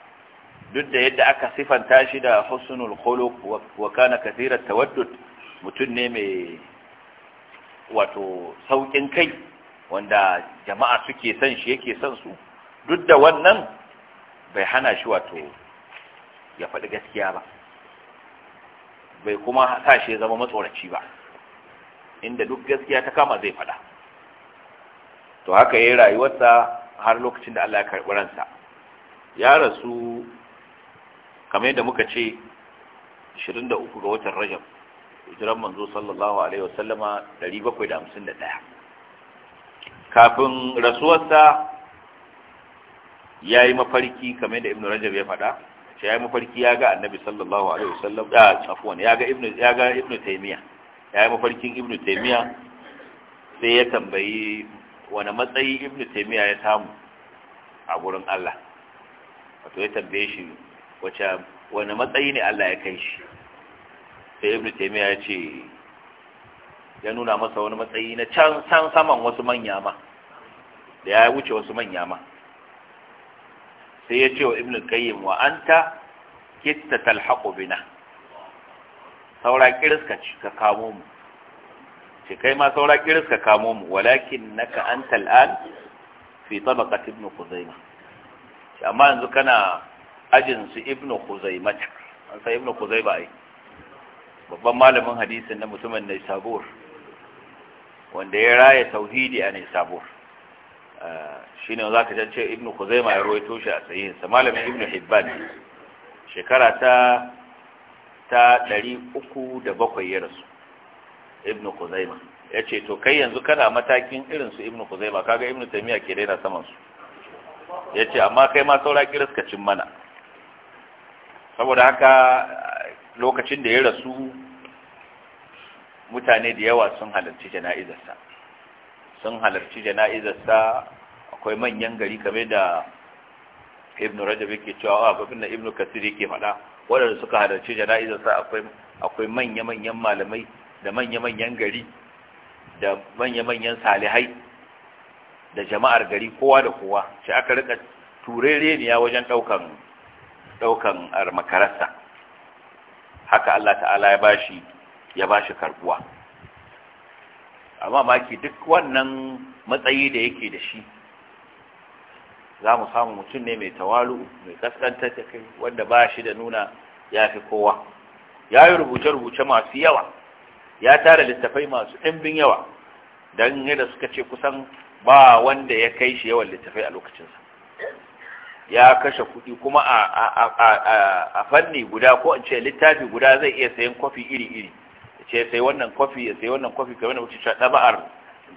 duk da yadda aka sifanta shi da husnul khuluq wa kana kathira tawaddud mutum ne mai wato saukin kai wanda jama'a suke son shi yake son su duk da wannan bai hana shi wato ya faɗi gaskiya ba bai kuma sa shi ya zama matsoraci ba inda duk gaskiya ta kama zai fada to haka yayi rayuwarsa har lokacin da Allah ya karɓi ransa ya rasu kamar yadda muka ce 23 ga watan Rajab hijiran manzo sallallahu alaihi wasallama 751 kafin rasuwarsa yayi mafarki kamar yadda Ibn Rajab ya fada ya yi mafarki ya ga annabi sallallahu alaihi wasallam da afwan ya ga ibnu ya ga ibnu taymiya yi mafarkin ibnu taymiya sai ya tambayi wani matsayi ibnu taymiya ya samu a gurin Allah wato ya tambaye shi wace wani matsayi ne Allah ya kai shi sai ibnu taymiya ya ce ya nuna masa wani matsayi na can san saman wasu manya ma da ya wuce wasu manya ma sai ya ce wa ibn kayyim wa anta kitta talhaqu bina saura kiriska ci ka kamo mu ce kai ma saura kiriska kamo mu walakin naka anta al'an fi tabaqat ibn khuzaimah amma yanzu kana ajin su ibn khuzaimah an sai ibn khuzaimah ai babban malamin hadisin na mutumin Naisabur wanda ya raya tauhidi a Naisabur ne za ka jance ibnu kuzaima ya rawaito toshe a sahihinsa malamin ibnu hibban shekara ta ta 307 ya rasu ibnu kuzaima ya ce to kai yanzu kana matakin irin su ibnu kuzaima kaga ibnu taimiyya ke daina saman su ya ce amma kai ma saura kiriskacin mana saboda haka lokacin da ya rasu mutane da yawa sun halarci jana'izarsa sun halarci jana'izarsa akwai manyan gari kame da ibn rajab yake cewa a ah, babin da ibn kasir yake faɗa waɗanda suka halarci jana'izarsa akwai akwai manya-manyan malamai da manya-manyan gari da manya-manyan salihai da jama'ar gari kowa da kowa shi aka rika turereniya wajen ɗaukan ɗaukan makararsa haka Allah ta'ala ya bashi ya bashi karbuwa a mamaki duk wannan matsayi da yake da shi za mu samu mutum ne mai tawalu mai kaskantar da kai wanda ba shi da nuna ya fi kowa ya yi rubuce-rubuce masu yawa ya tara littafai masu ɗimbin yawa don yadda suka ce kusan ba wanda ya kai shi yawan littafai a lokacinsa ya kashe kuɗi kuma a fanni guda ko ce littafi guda zai iya sayan kwafi iri-iri ce sai wannan kofi ya sai wannan kofi kamar wuce ta cewa ɗaba'ar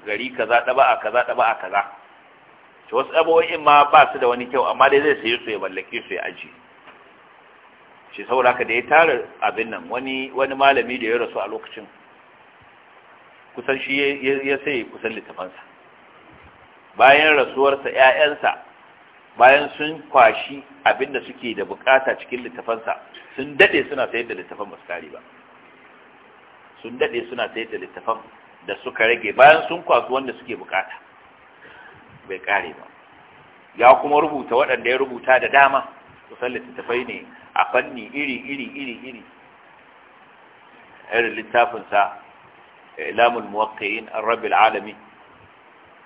gari kaza ɗaba'a kaza ɗaba'a kaza to wasu ɗaba'o'in ma ba su da wani kyau amma dai zai sayi su ya mallake su ya aji shi saboda haka da ya tara abin nan wani wani malami da ya rasu a lokacin kusan shi ya sai kusan littafansa bayan rasuwarsa ‘ya'yansa bayan sun kwashi abin da suke da bukata cikin littafansa sun dade suna sayar da littafan masu kari ba sun dade suna sayar da littafan da suka rage bayan sun kwasu wanda suke bukata bai kare ba ya kuma rubuta waɗanda ya rubuta da dama kusan littattafai ne a fanni iri iri iri iri irin littafinsa ilamul muwakkayin an rabbil alami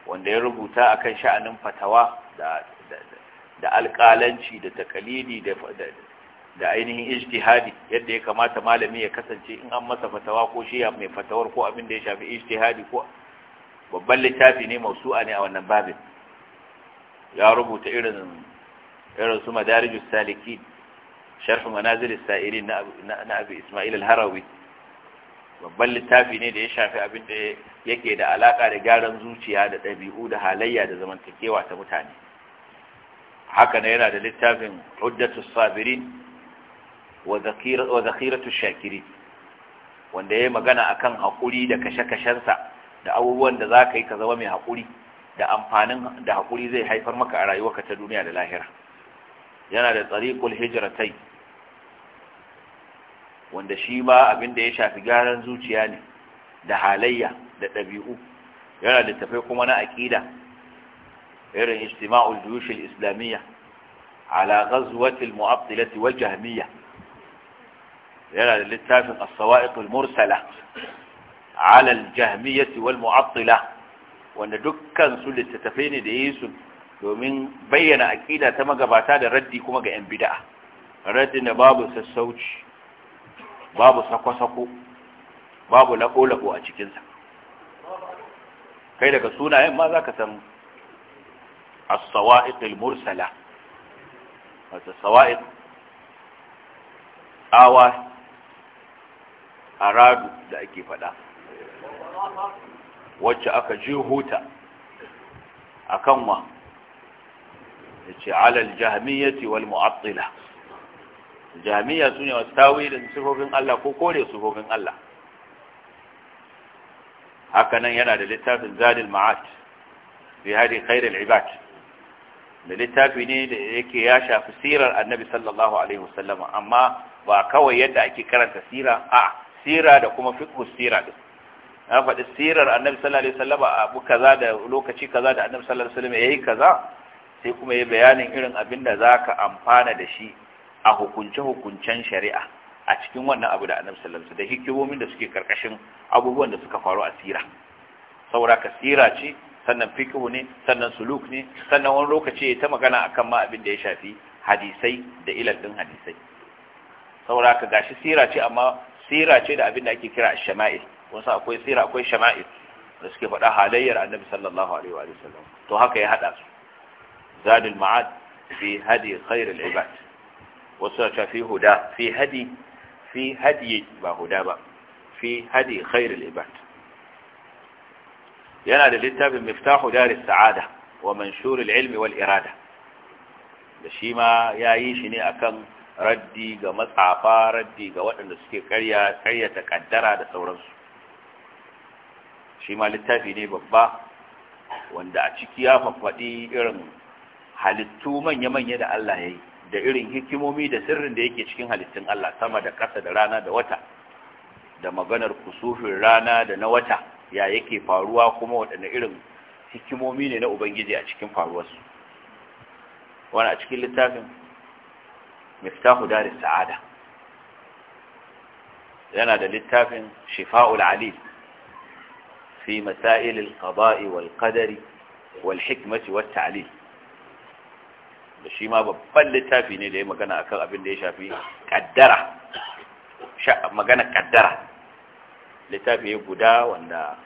wanda ya rubuta akan sha'anin fatawa da da alƙalanci da takalidi da da ainihin ijtihadi yadda ya kamata malami ya kasance in an masa fatawa ko shi ya mai fatawar ko abin da ya shafi ijtihadi ko babban littafi ne mausu'a ne a wannan babin ya rubuta irin irin su madarijus salikin sharh manazil sa'irin na abi isma'il al-harawi babban littafi ne da ya shafi abin da yake da alaka da gyaran zuciya da ɗabi'u da halayya da zamantakewa ta mutane haka ne yana da littafin uddatus sabirin wa zakiratu shakiri wanda ya yi magana akan haƙuri da kashe-kashensa da abubuwan da za ka yi ka zama mai haƙuri da amfanin da haƙuri zai haifar maka a rayuwarka ta duniya da lahira yana da tsariƙul hijiratai wanda shi ba abin da ya shafi gyaran zuciya ne da halayya da ɗabi'u yana da tafai kuma na aƙida irin ijtima'ul juyushil islamiyya ala ghazwatil mu'attilati wal jahmiyyah yana da littafin as-sawa'iqul mursala ala al-jahmiyyah wal mu'attila wanda dukkan su littattafai ne da yesu domin bayyana aqida ta magabata da raddi kuma ga yan bid'a raddi na babu sassauci babu sakwasako, babu lako-lako a cikinsa kai daga sunayen ma za ka san as-sawa'iqul mursala wata sawa'iq awa aradu da ake faɗa wacce aka je huta a kanwa da ce alal jahmiyyati wal mu'attila jami'a sun yi wasu tawilin sufofin Allah ko kore sufofin Allah haka nan yana da littafin zadil ma'at fi hadi khairul ibad da littafi ne da yake ya shafi sirar annabi sallallahu alaihi wasallama amma ba kawai yadda ake karanta sira A'a. sira da kuma fiqhu sira din na faɗi sirar annabi sallallahu alaihi wasallam abu kaza da lokaci kaza da annabi sallallahu alaihi wasallam yayi kaza sai kuma yayi bayanin irin abinda da zaka amfana da shi a hukunce hukuncen shari'a a cikin wannan abu da annabi sallallahu alaihi wasallam da hikimomin da suke karkashin abubuwan da suka faru a sira saboda ka sira ce sannan fiqhu ne sannan suluk ne sannan wani lokaci ya ta magana akan ma abin da ya shafi hadisai da ilal din hadisai saboda ka gashi sira ce amma sira ce da abin da ake kira shama'il wasu akwai sira akwai shama'il da suke faɗa halayyar annabi sallallahu alaihi wa sallam to haka ya haɗa su zadul ma'ad fi hadi khairul ibad wasu ta fi huda fi hadi fi hadi ba huda ba fi hadi khairul ibad yana da littafin miftahu daris sa'ada wa manshurul ilmi wal irada da shi ma yayi shi ne akan raddi ga matsafa raddi ga waɗanda suke karya ta kaddara da sauransu shi ma littafi ne babba wanda a ciki ya faɗi irin halittu manya-manya da Allah ya yi da irin hikimomi da sirrin da yake cikin halittun Allah sama da ƙasa da rana da wata da maganar kusufin rana da na wata ya yake faruwa kuma waɗanne irin hikimomi ne na Ubangiji a cikin faruwarsu wani a cikin littafin miftahu daris sa'ada yana da littafin shifa'ul ali fi masail ƙaba'i wal qadari wal hikmati da shi ma babban littafi ne da ya magana akan abin da ya shafi kaddara magana littafi ya guda wanda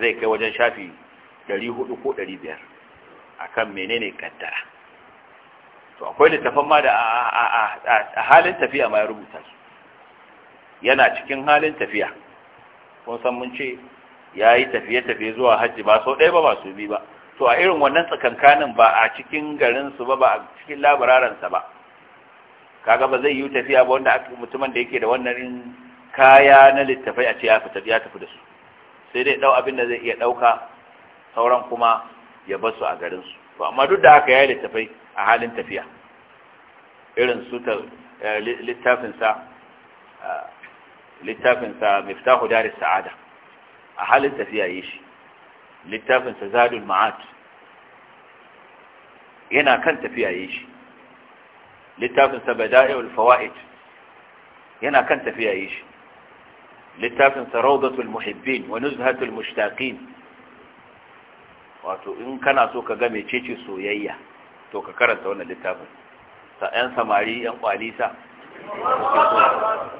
zai kai wajen shafi 400 ko 500 akan menene kaddara to akwai littafan ma da a halin tafiya ma ya rubuta su yana cikin halin tafiya kun san mun ce ya yi tafiye-tafiye zuwa hajji ba sau ɗaya ba ba su bi ba to a irin wannan tsakankanin ba a cikin garinsu ba ba a cikin labararensa ba kaga ba zai yi tafiya ba wanda mutumin da yake da wannan kaya na littafai a ce ya fita ya tafi da su sai dai dau abin da zai iya dauka sauran kuma ya bar su a garin su to amma duk da haka yi littafai a halin tafiya irin su ta littafinsa littafinsa miftahu daris sa'ada a halin tafiya yi shi littafinsa zadul ma'at yana kan tafiya yi shi littafinsa bada'i'ul fawaid yana kan tafiya yi shi littafinsa rawdatul muhibbin wa nuzhatul mushtaqin wato in kana so ka ga mecece soyayya to ka karanta wannan littafin sa yan samari yan kwalisa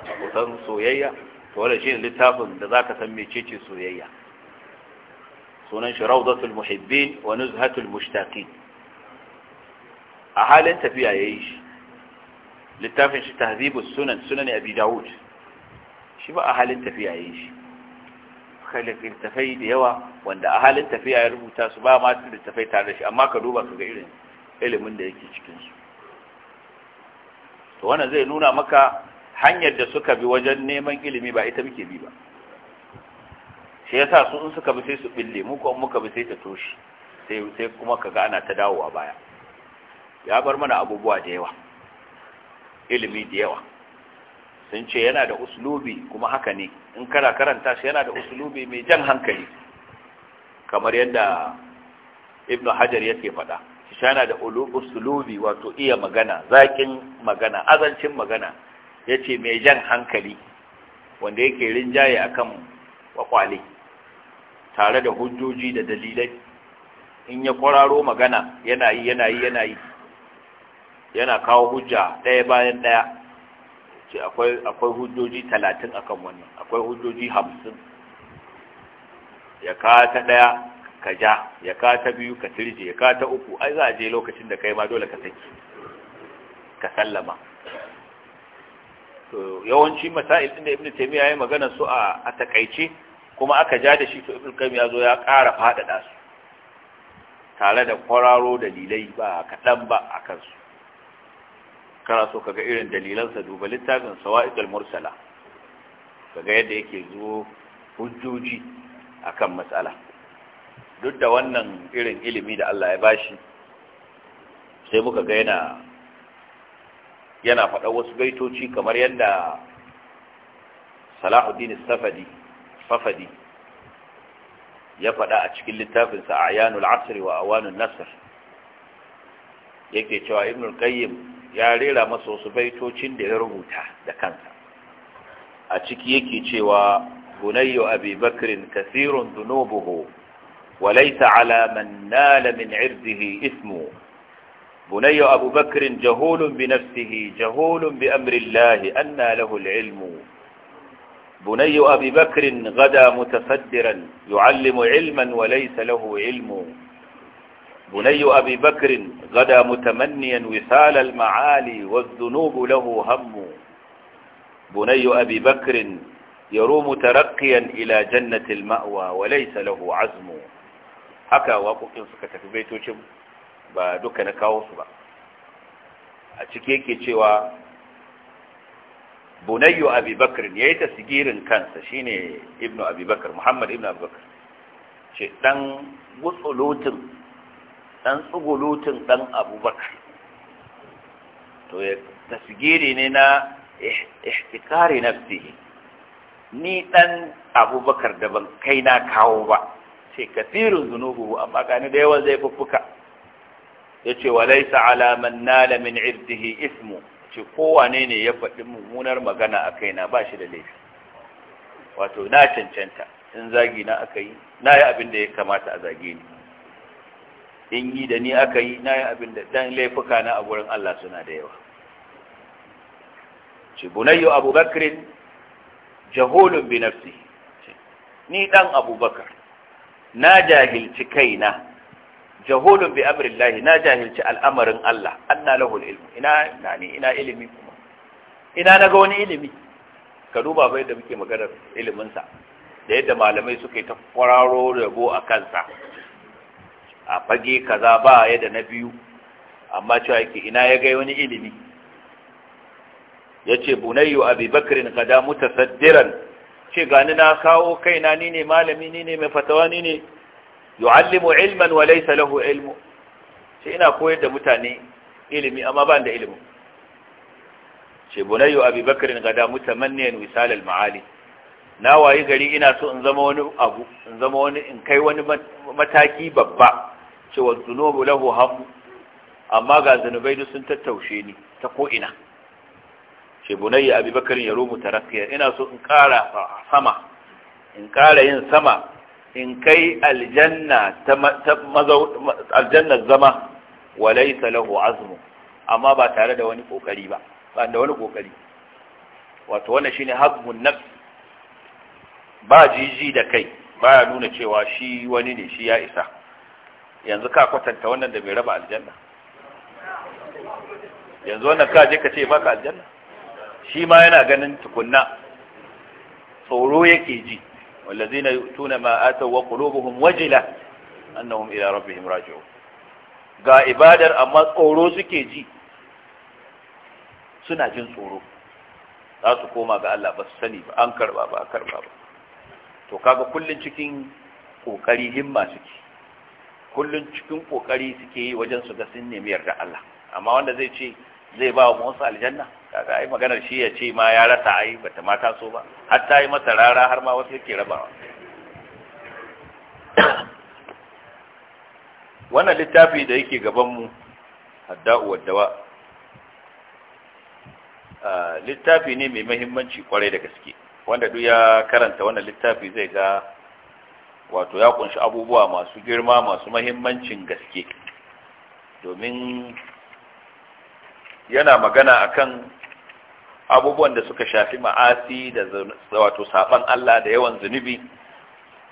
ko san soyayya to wannan shi ne littafin da za ka san mecece soyayya sunan shi rawdatul muhibbin wa nuzhatul mushtaqin a halin tafiya yayi shi littafin shi tahzibus sunan sunan abi daud shi ba a halin tafiya yayi shi khalifin tafai da yawa wanda a halin tafiya ya rubuta su ba ma su littafai tare da shi amma ka duba su ga irin ilimin da yake cikinsu to wannan zai nuna maka hanyar da suka bi wajen neman ilimi ba ita muke bi ba shi yasa su in suka bi sai su bille mu kuma muka bi sai ta toshi sai kuma kaga ana ta dawowa baya ya bar mana abubuwa da yawa ilimi da yawa sun ce yana da uslubi kuma haka ne in kana karanta shi yana da uslubi mai jan hankali kamar yadda ibnu hajar yake faɗa shana da usulubi wato iya magana zaƙin magana azancin magana ya ce mai jan hankali wanda yake rinjaye akan kwakwale tare da hujjoji da dalilai in ya kwararo magana yana yi yana yi yana yi yana kawo hujja ɗaya bayan ɗaya ce akwai hujjoji talatin akan wannan akwai hujjoji hamsin ya kawo ta ɗaya ka ja ya ka ta biyu ka tirje ya ka ta uku ai za a je lokacin da kai ma dole ka saki ka sallama to yawanci masail din da ibnu taymiya yayi magana su a a takaice kuma aka ja da shi to ibnu ya zo ya ƙara faɗaɗa su tare da kwararo dalilai ba kaɗan ba a kansu kana so kaga irin dalilansa duba littafin sawa'idul mursala kaga yadda yake zo hujjoji akan matsala duk da wannan irin ilimi da Allah ya bashi sai muka ga yana yana faɗa wasu baitoci kamar yadda Salahuddin Safadi Fafadi ya faɗa a cikin littafinsa Ayanul Asr wa Awanul Nasr yake cewa Ibn qayyim ya rera masa wasu baitocin da ya rubuta da kansa a ciki yake cewa gunayyo abi bakrin kasirun dunubuhu وليس على من نال من عرضه إثم بني أبو بكر جهول بنفسه جهول بأمر الله أنى له العلم بني أبي بكر غدا متفدرا يعلم علما وليس له علم بني أبي بكر غدا متمنيا وصال المعالي والذنوب له هم بني أبي بكر يروم ترقيا إلى جنة المأوى وليس له عزم haka waƙoƙin suka tafi baitocin ba duka na kawo su ba a ciki yake cewa bunayyu abubakar ya yi sigirin kansa shine ibnu abubakar muhammad ibnu abubakar ce ɗan gutsulutin ɗan tsugulutin ɗan abubakar to ya tasgiri ne na ihtikari nafsihi ni ɗan abubakar da ban kai na kawo ba ce kathirun zunubuhu amma gani da yawan zai fuffuka yace walaysa ala man nalamin min irdihi ismu ce kowane ne ya faɗi mummunar magana a kaina ba shi da laifi wato na cancanta in zagi na aka yi na yi abin da ya kamata a zage ni in yi da ni aka yi na yi abin da dan laifuka na a gurin Allah suna da yawa ce bunayyo abubakar jahulun bi nafsi ni dan abubakar na jahilci kaina jahulun bi amrillahi na jahilci al'amarin Allah anna lahul ilmu ina na ne ina ilimi kuma ina naga wani ilimi ka duba bai da muke magana ilimin sa da yadda malamai suke ta kwararo rabo a kansa a fage kaza ba ya da na biyu amma cewa yake ina ya ga wani ilimi yace bunayyu abi bakrin qada mutasaddiran ce gani na kawo kaina ni ne malami ni ne mai fatawa ni ne yu'allimu ilman wa laysa lahu ilmu ce ina koyar da mutane ilimi amma ban da ilimi ce bunayyu abi bakr gada mutamanniyan wisal al maali na wayi gari ina so in zama wani abu in zama wani in kai wani mataki babba ce wa zunubu lahu hamu amma ga zanubai sun tattaushe ni ta ko ina ce bunayya abi bakarin ya rumu tarakiya ina so in kara sama in kara yin sama in kai aljanna ta zama Walai lahu azmu amma ba tare da wani kokari ba ba da wani kokari wato wannan shine hazmun nafs ba jiji da kai ba ya nuna cewa shi wani ne shi ya isa yanzu ka kwatanta wannan da bai raba aljanna yanzu wannan ka je ka ce baka aljanna shi ma yana ganin tukunna tsoro yake ji wallazina tuna ma ataw wa qulubuhum wajila annahum ila rabbihim raji'un ga ibadar amma tsoro suke ji suna jin tsoro za su koma ga Allah ba su sani ba an karba ba karba ba to kaga kullun cikin kokari himma suke kullun cikin kokari suke yi wajen su ga sun nemi yarda Allah amma wanda zai ce zai ba wa Musa aljanna kaga ai maganar shi ya ce ma ya rasa ai bata ma so ba har ta yi masa rara har ma wasu yake rabawa wannan littafi da yake gabanmu hadda'u waddawa littafi ne mai mahimmanci kwarai da gaske wanda duk ya karanta wannan littafi zai ga wato ya kunshi abubuwa masu girma masu mahimmancin gaske domin yana magana akan abubuwan da suka shafi ma'asi da wato saban Allah da yawan zunubi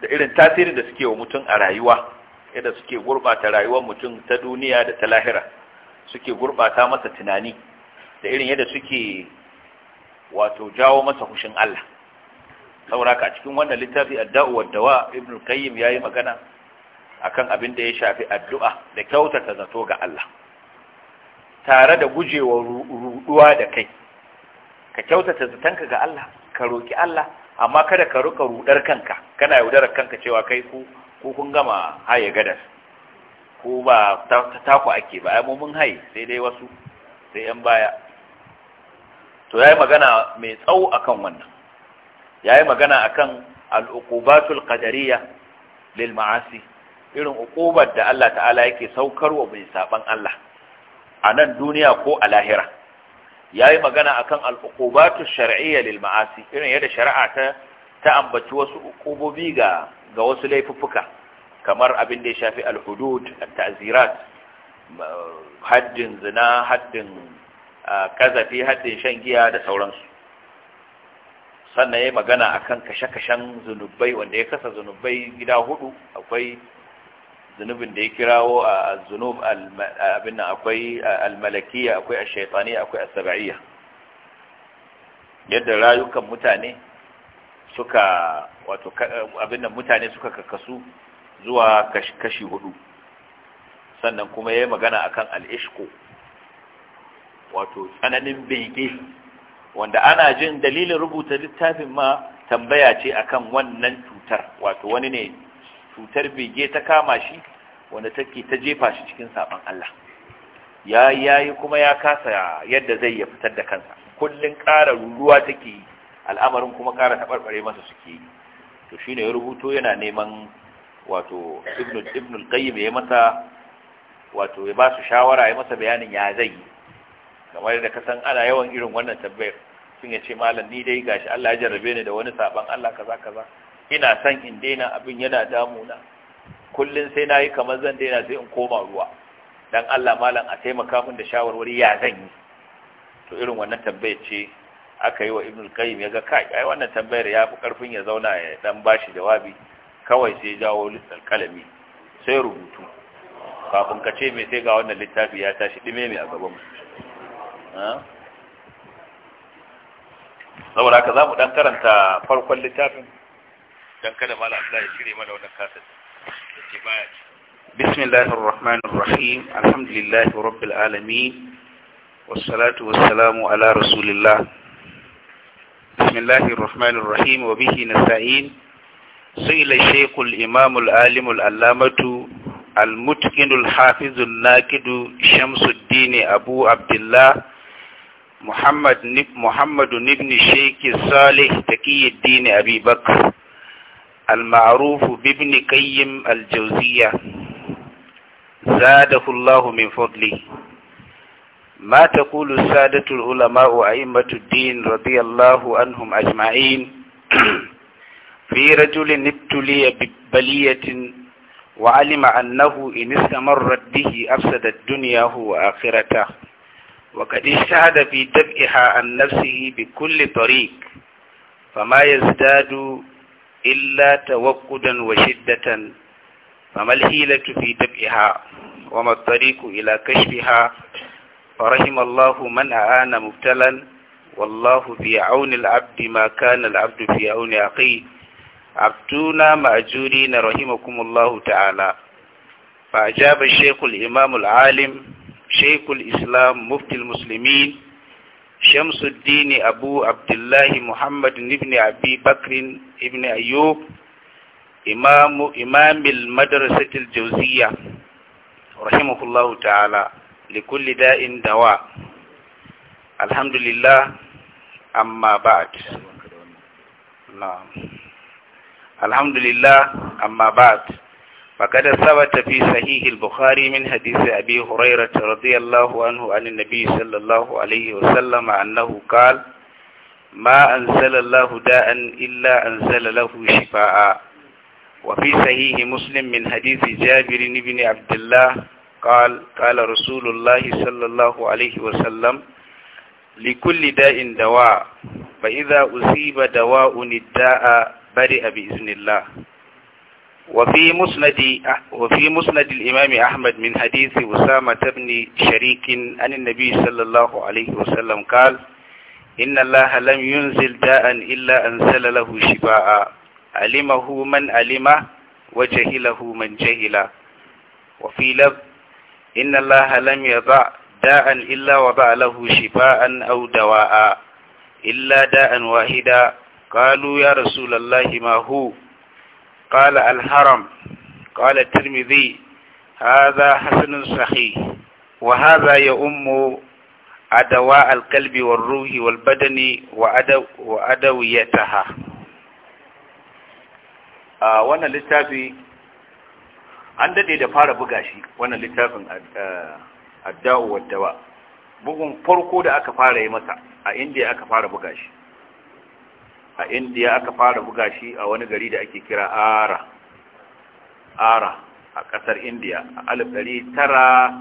da irin tasirin da suke wa mutum a rayuwa yadda suke gurbata rayuwar mutum ta duniya da ta lahira suke gurbata masa tunani da irin yadda suke wato jawo masa hushin Allah saboda ka cikin wannan littafi wadda wa dawa ibn qayyim yayi magana akan abin da ya shafi addu'a da kyautata zato ga Allah tare da gujewa ruduwa da kai ka kyautata zatanka ga Allah ka roki Allah amma kada ka ruka rudar kanka kana yaudar kanka cewa kai ku ku kun gama haye gadar ku ba ta taku ake ba mu mun haye sai dai wasu sai yan baya to yayi magana mai tsawo akan wannan yayi magana akan al-uqubatul qadariyah lil ma'asi irin uqubar da Allah ta'ala yake saukarwa bai saban Allah a nan duniya ko a lahira Ya yi magana akan al-uqubatu shar'iyya lil ma'asi irin yadda shari'a ta ta ambaci wasu uqubobi ga ga wasu laifuffuka kamar abin da ya shafi al-hudud at-ta'zirat haddin zina haddin kazafi haddin shan giya da sauransu sannan ya yi magana akan kashe-kashen zunubai wanda ya kasa zunubai gida hudu akwai zunubin da ya kirawo a zunub abin akwai almalakiya akwai ashaitani akwai asaba'iya yadda rayukan mutane suka wato abin mutane suka kakkasu zuwa kashi hudu sannan kuma ya yi magana akan al'ishko wato tsananin bege wanda ana jin dalilin rubuta littafin ma tambaya ce akan wannan cutar wato wani ne cutar bege ta kama shi wanda take ta jefa shi cikin saban Allah ya yayi kuma ya kasa yadda zai ya fitar da kansa kullun ƙara ruwa take al'amarin kuma ƙara tabarbare masa suke yi to shine ya rubuto yana neman wato ibnu ibnu qayyim ya masa wato ya ba su shawara ya masa bayanin ya zai yi kamar da ka san ana yawan irin wannan tabbayar sun ya ce malam ni dai gashi Allah ya jarrabe ni da wani saban Allah kaza kaza ina san in daina abin yana damu damuna kullum sai na yi kamar zan daina sai in koma ruwa dan Allah malam a taimaka min da shawarwari ya zan yi to irin wannan tambayar ce aka yi wa ibn qayyim ya ga kai ai wannan tambayar ya fi karfin ya zauna ya dan bashi jawabi kawai sai jawo listar kalami sai rubutu kafin ka ce me sai ga wannan littafi ya tashi dime ne a gaban mu saboda haka za mu dan karanta farkon littafin dan kada mala Allah ya shirye mana wannan kasar ce baya bismillahir rahmanir rahim alhamdulillahi rabbil alamin والصلاة والسلام على رسول الله بسم الله الرحمن الرحيم وبه نستعين سئل الشيخ الإمام العالم العلامة المتقن الحافظ الناكد شمس الدين أبو عبد الله محمد محمد بن الشيخ الصالح تقي الدين أبي بكر المعروف بابن قيم الجوزية زاده الله من فضله ما تقول السادة العلماء أئمة الدين رضي الله عنهم أجمعين في رجل ابتلي ببلية وعلم أنه إن استمرت به أفسدت دنياه وآخرته وقد اجتهد في دفعها عن نفسه بكل طريق فما يزداد إلا توقدا وشدة فما الحيلة في دفعها وما الطريق إلى كشفها فرحم الله من أعان مبتلا والله في عون العبد ما كان العبد في عون أخيه عبدونا مأجورين رحمكم الله تعالى فأجاب الشيخ الإمام العالم شيخ الإسلام مفتي المسلمين شمس الدين أبو عبد الله محمد بن أبي بكر ابن أيوب إمام إمام المدرسة الجوزية رحمه الله تعالى لكل داء دواء الحمد لله أما بعد نعم الحمد لله أما بعد فقد ثبت في صحيح البخاري من حديث أبي هريرة رضي الله عنه عن النبي صلى الله عليه وسلم أنه قال ما أنزل الله داء إلا أنزل له شفاء وفي صحيح مسلم من حديث جابر بن عبد الله قال قال رسول الله صلى الله عليه وسلم لكل داء دواء فإذا أصيب دواء الداء برئ بإذن الله وفي مسند وفي مسند الإمام أحمد من حديث أسامة بن شريك عن النبي صلى الله عليه وسلم قال inna allaha lam yunzil da'an illa anzala lahu shifaa alimahu man alima wa jahilahu man jahila wa inna allaha lam yada da'an illa wada'a lahu shifaa'an aw dawaa illa da'an wahida qalu ya rasulallahi ma hu qala al-haram qala at-tirmidhi هذا حسن صحيح وهذا Adawa أدواء القلب والروح والبدن وأدو وأدويتها A wannan للتافي an daɗe da fara buga shi wannan littafin addawo waddawa bugun farko da aka fara yi masa a indiya aka fara buga shi a indiya aka fara buga shi a wani gari da ake kira ara ara a ƙasar indiya a alif ɗari tara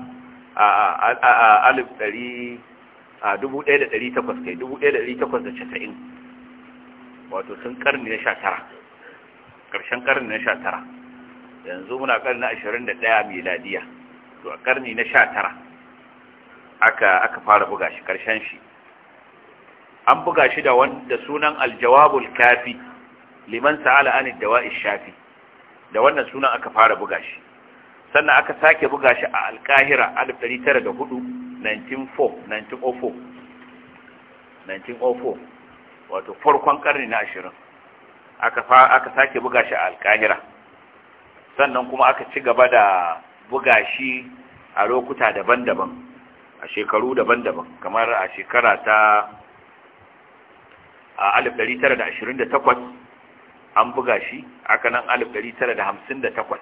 a alif ɗari a 1800 kai 1890 wato sun karni na 19 karshen karni na 19 yanzu muna karni na 21 miladiya to a karni na 19 aka aka fara buga shi ƙarshen shi an buga shi da wanda sunan aljawabul kafi liman sa'ala an dawa'i shafi da wannan sunan aka fara buga shi sannan aka sake buga shi a alkahira 1904 1904 wato farkon karni na ashirin aka sake buga shi a alkahira sannan kuma aka ci gaba da buga shi a lokuta daban-daban a shekaru daban-daban kamar a shekara ta a 1928 an buga shi aka nan 1958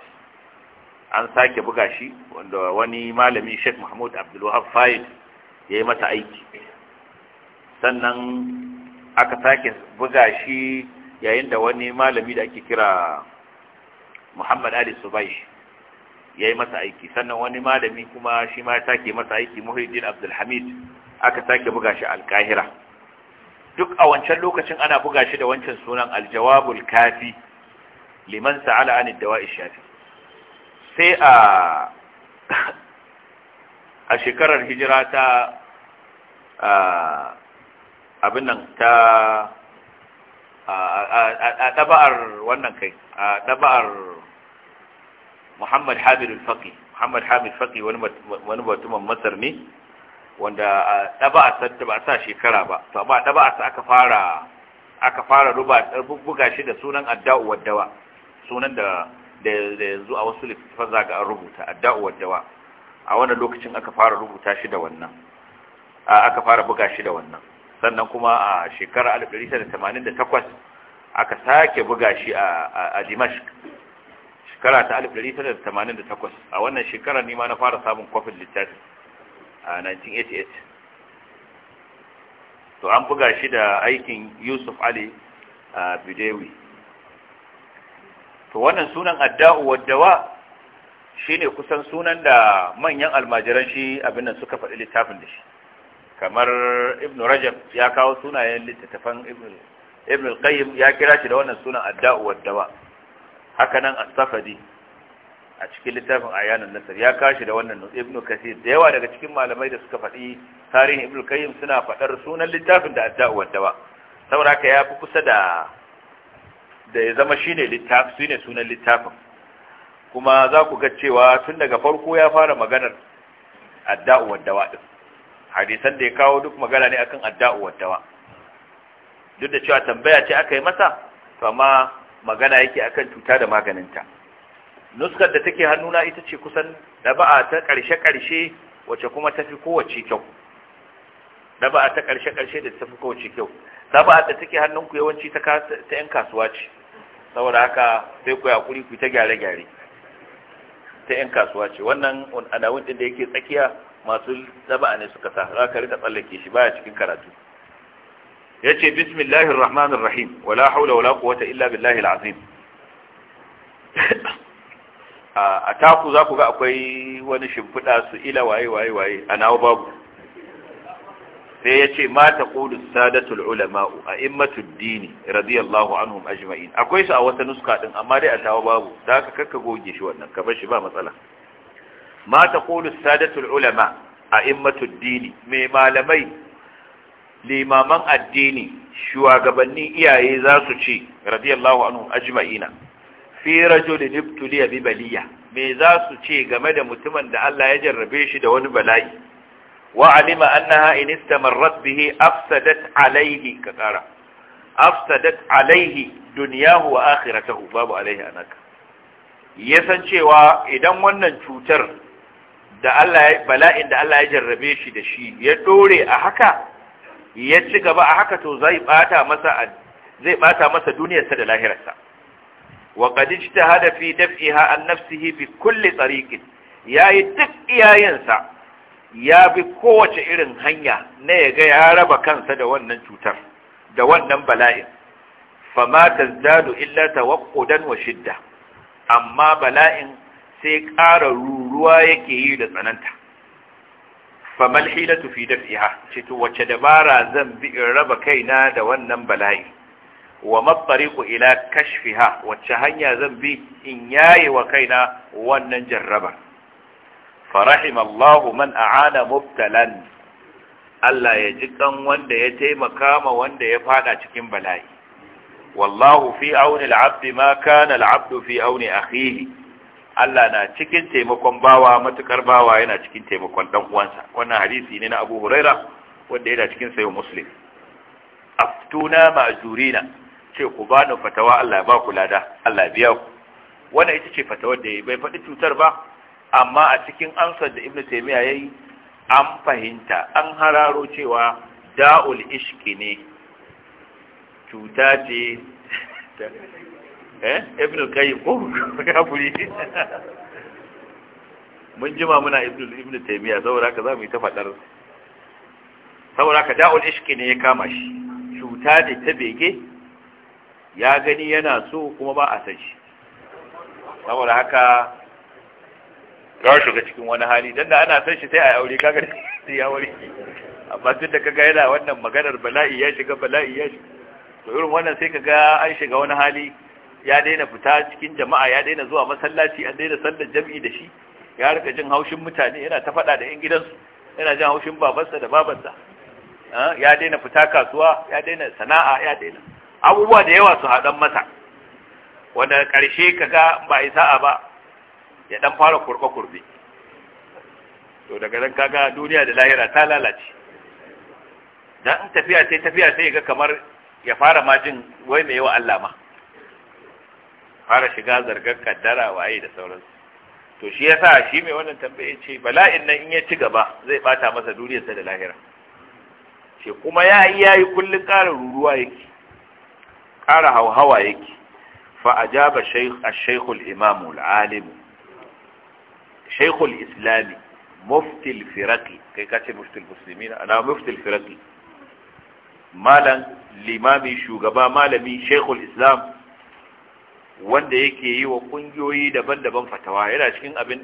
an sake buga shi wanda wani malami Sheikh Mahmud Abdul Wahab ya yi masa aiki sannan aka sake buga shi yayin da wani malami da ake kira Muhammad Ali Subaish ya yi masa aiki sannan wani malami kuma shi ma sake masa aiki Muhyiddin Abdul Hamid aka sake buga shi Alkahira. duk a wancan lokacin ana buga shi da wancan sunan Al-Jawabul Kafi liman sa'ala anid dawa'i shafi'i sai a a shekarar hijira ta abin nan ta a ɗaba'ar wannan kai a ɗaba'ar muhammad hamid al-faqi muhammad hamid faki wani batuman masar ne wanda ɗaba'a ta ba sa shekara ba to amma ɗaba'a ta aka fara aka fara ruba buga shi da sunan adda'u waddawa sunan da da yanzu a wasu littafan za ga an rubuta adda'u dawa a wannan lokacin aka fara rubuta shi da wannan aka fara buga shi da wannan sannan kuma a shekara 1988 aka sake buga shi a dimashq shekara ta 1988 a wannan shekara ne ma na fara samun kwafin littafi a 1988 to an buga shi da aikin yusuf ali bidewi to wannan sunan adda'u waddawa shine kusan sunan da manyan almajiran shi abin nan suka faɗi littafin da shi kamar ibn rajab ya kawo sunayen littattafan ibn ibn al-qayyim ya kira shi da wannan sunan adda'u waddawa haka nan as-safadi a cikin littafin ayanan nasar ya kawo shi da wannan ibn kasir da yawa daga cikin malamai da suka faɗi tarihin ibn al-qayyim suna faɗar sunan littafin da adda'u waddawa saboda haka ya fi kusa da da ya zama shine littafi sunan littafin kuma za ku ga cewa tun daga farko ya fara maganar adda'u waddawa din hadisan da ya kawo duk magana ne akan adda'u dawa. duk da cewa tambaya ce aka yi masa to amma magana yake akan cuta da maganinta nuskar da take hannuna ita ce kusan daba'a ta ƙarshe-ƙarshe wacce kuma tafi kowace kyau daba'a ta ƙarshe-ƙarshe da fi kowace kyau daba'a da take hannunku yawanci ta 'yan kasuwa ce saboda haka sai ku hakuri ku ta gyare-gyare ta 'yan kasuwa ce wannan adawun ɗin da yake tsakiya masu taba'a ne suka sa za ka rika tsallake shi baya cikin karatu ya ce bismillahir rahmanir rahim wala haula wala quwwata illa billahi alazim a taku za ku ga akwai wani shimfiɗa su ila waye waye waye a nawa babu sai ya ce mata kudu sadatul ulama'u a immatul dini radiyallahu anhum ajma'in akwai su a wata nuska ɗin amma dai a tawa babu da aka kakka goge shi wannan ka bar shi ba matsala mata kudu sadatul ulama a immatul dini mai malamai limaman addini shugabanni iyaye za su ce radiyallahu anhum ajma'ina fi rajulin ibtuliya bi baliya me za su ce game da mutumin da Allah ya jarrabe shi da wani bala'i wa alima annaha in istamarrat bihi afsadat alayhi ka kara afsadat alayhi dunyahu wa akhiratahu babu alayhi anaka ya san cewa idan wannan cutar bala'in da Allah ya jarrabe shi da shi ya dore a haka ya ci gaba a haka to zai ɓata masa zai bata masa duniyarsa da lahirarsa wa hadafi dab'i fi daf'iha an nafsihi bi kulli tariqin yayi duk iyayensa ya bi kowace irin hanya na yaga ya raba kansa da wannan cutar da wannan bala'in fama tazdadu illa tawaqqudan wa shidda amma bala'in sai ƙara ruruwa yake yi da tsananta famal hilatu fi daf'iha cito wacce dabara zan bi in raba kaina da wannan bala'i wa mattariqu ila kashfiha wacce hanya zan bi in yaye wa kaina wannan jarrabar farahim Allahu man a'ana mubtalan Allah ya ji kan wanda ya taimaka ma wanda ya fada cikin bala'i wallahu fi auni al-abd ma kana al-abd fi auni akhihi Allah na cikin taimakon bawa matukar bawa yana cikin taimakon dan uwansa wannan hadisi ne na Abu Huraira wanda yana cikin sayo Muslim aftuna ma'jurina ce ku bani fatawa Allah ya ba ku lada Allah biya ku wannan ita ce fatawar da bai faɗi cutar ba amma a cikin ansar da ibnu ya yayi an fahimta an hararo cewa da'ul ishki ne cuta ce eh ibn qayyim ko ya buri mun jima muna ibn ibn taymiya saboda ka zamu yi ta fadar saboda ka da'ul ishki ne ya kama shi cuta ne ta bege ya gani yana so kuma ba a san shi saboda haka ya shiga cikin wani hali dan da ana san shi sai a aure kaga sai ya aure amma tun da kaga yana wannan maganar bala'i ya shiga bala'i ya shiga to irin wannan sai kaga an shiga wani hali ya daina fita cikin jama'a ya daina zuwa masallaci an daina sallar jami'i da shi ya rika jin haushin mutane yana ta faɗa da 'yan gidansu yana jin haushin babansa da babansa ya daina fita kasuwa ya daina sana'a ya daina abubuwa da yawa su haɗan masa wanda ƙarshe kaga ba a yi sa'a ba ya dan fara kurba kurbe to daga nan kaga duniya da lahira ta lalace dan in tafiya sai tafiya sai ga kamar ya fara majin wai me yawa Allah ma fara shiga zargar kaddara waye da sauransu to shi yasa shi mai wannan tambaye ce bala'in nan in ya ci gaba zai bata masa duniyarsa da lahira ce kuma ya yi yayi kullun ƙara ruruwa yake ƙara hauhawa yake fa ajaba shaykh ash-shaykh al-imam al-alim شيخ islami مفتي firaki kai ka ce المسلمين musulmi ana muftil مالا malam limami shugaba malami شيخ islam wanda yake yi wa kungiyoyi daban-daban fatawa yana cikin abin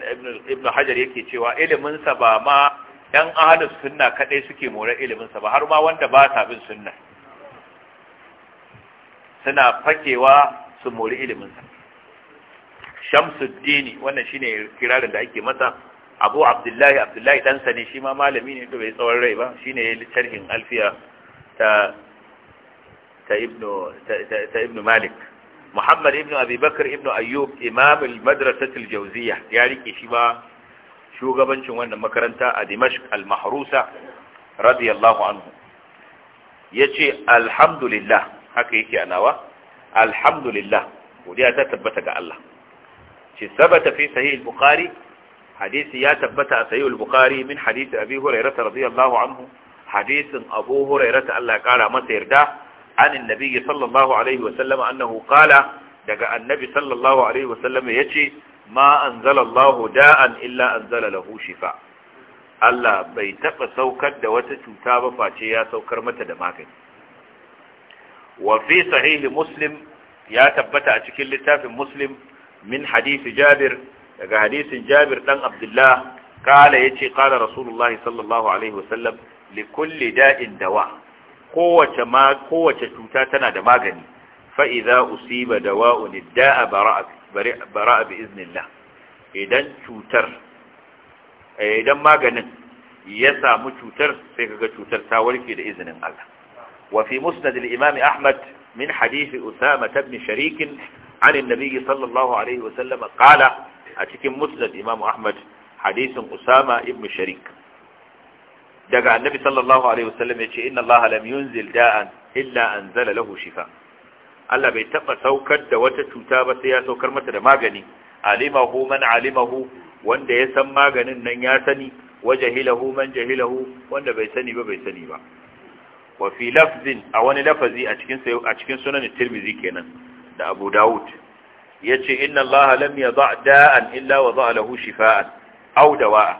ibn hajar yake cewa iliminsa ba ma yan ahalus sunna kadai suke more iliminsa ba har ma wanda ba sa bin sunna suna fakewa su mori iliminsa shamsuddini wannan shine kirarin da ake masa abu abdullahi abdullahi ɗansa ne shi ma malami ne to bai tsawon rai ba shi ne sharhin alfiya ta ta ibnu ta ibnu malik muhammad ibnu Abibakar ibnu ayyub imam al-madrasatul jawziya ya rike shi ba shugabancin wannan makaranta a dimashq al-mahrusa radiyallahu anhu yace alhamdulillah haka yake anawa alhamdulillah godiya ta tabbata ga Allah ce sabata fi sahih al-bukhari hadisi ya tabbata a sahih al-bukhari min hadisi abi hurairah radiyallahu anhu hadisin abu hurairah Allah ya kara masa yarda an annabi sallallahu alaihi wa sallam annahu qala daga annabi sallallahu alaihi wa sallam yace ma anzala anzalallahu da'an illa anzala lahu shifa Allah bai taba saukar da wata cuta ba face ya saukar mata da magani wa fi sahih muslim ya tabbata a cikin littafin muslim min hadisi jabir daga hadisin jabir dan abdullah kala yace kala rasulullahi sallallahu alaihi wasallam li kulli da'in dawa kowace kowace cuta tana da magani fa idza usiba dawa'un da'a bara'a bara'a bi iznillah idan cutar eh, idan maganin ya samu cutar sai kaga cutar ta warke da izinin Allah wa fi musnad al-imam ahmad min hadisi usama ibn sharik عن النبي صلى الله عليه وسلم قال أتكم مسند إمام أحمد حديث أسامة ابن شريك دقى النبي صلى الله عليه وسلم يقول إن الله لم ينزل داء إلا أنزل له شفاء ألا بيتقى سوكر دوات تتابة يا سوكر متى ما جني علمه من علمه وان دا يسمى جنن ياسني وجهله من جهله وان بيسني ببيسني با وفي لفظ أو أن لفظي أتكين سنن الترمذي كينا da abu dawud yace inna Allah lam yada da'an illa wa za lahu shifaa'an aw dawa'a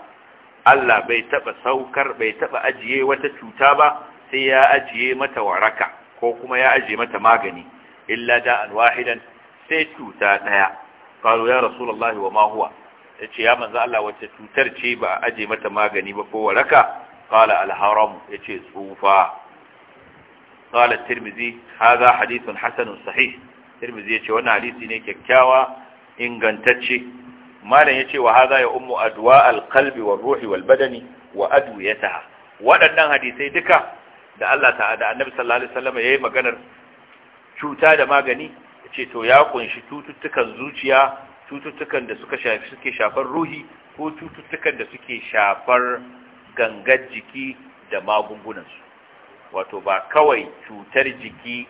Allah bai taba saukar bai taba ajiye wata cuta ba sai ya ajiye mata waraka ko kuma ya ajiye mata magani illa da'an wahidan sai cuta daya qalu ya rasulullahi wa ma huwa yace ya manzo Allah wata cutar ce ba ajiye mata magani ba ko waraka qala al-haram yace tsufa قال الترمذي هذا حديث حسن صحيح tirmidhi yace wannan hadisi ne kyakkyawa ingantacce malam yace wa haza ya ummu adwa al wa ruhi wal-badani wa adwiyataha waɗannan hadisai duka da Allah ta'ala annabi sallallahu alaihi wasallam yayi maganar cuta da magani yace to ya kunshi tututtukan zuciya tututtukan da suka shafi suke shafar ruhi ko tututtukan da suke shafar gangar jiki da magungunansu wato ba kawai cutar jiki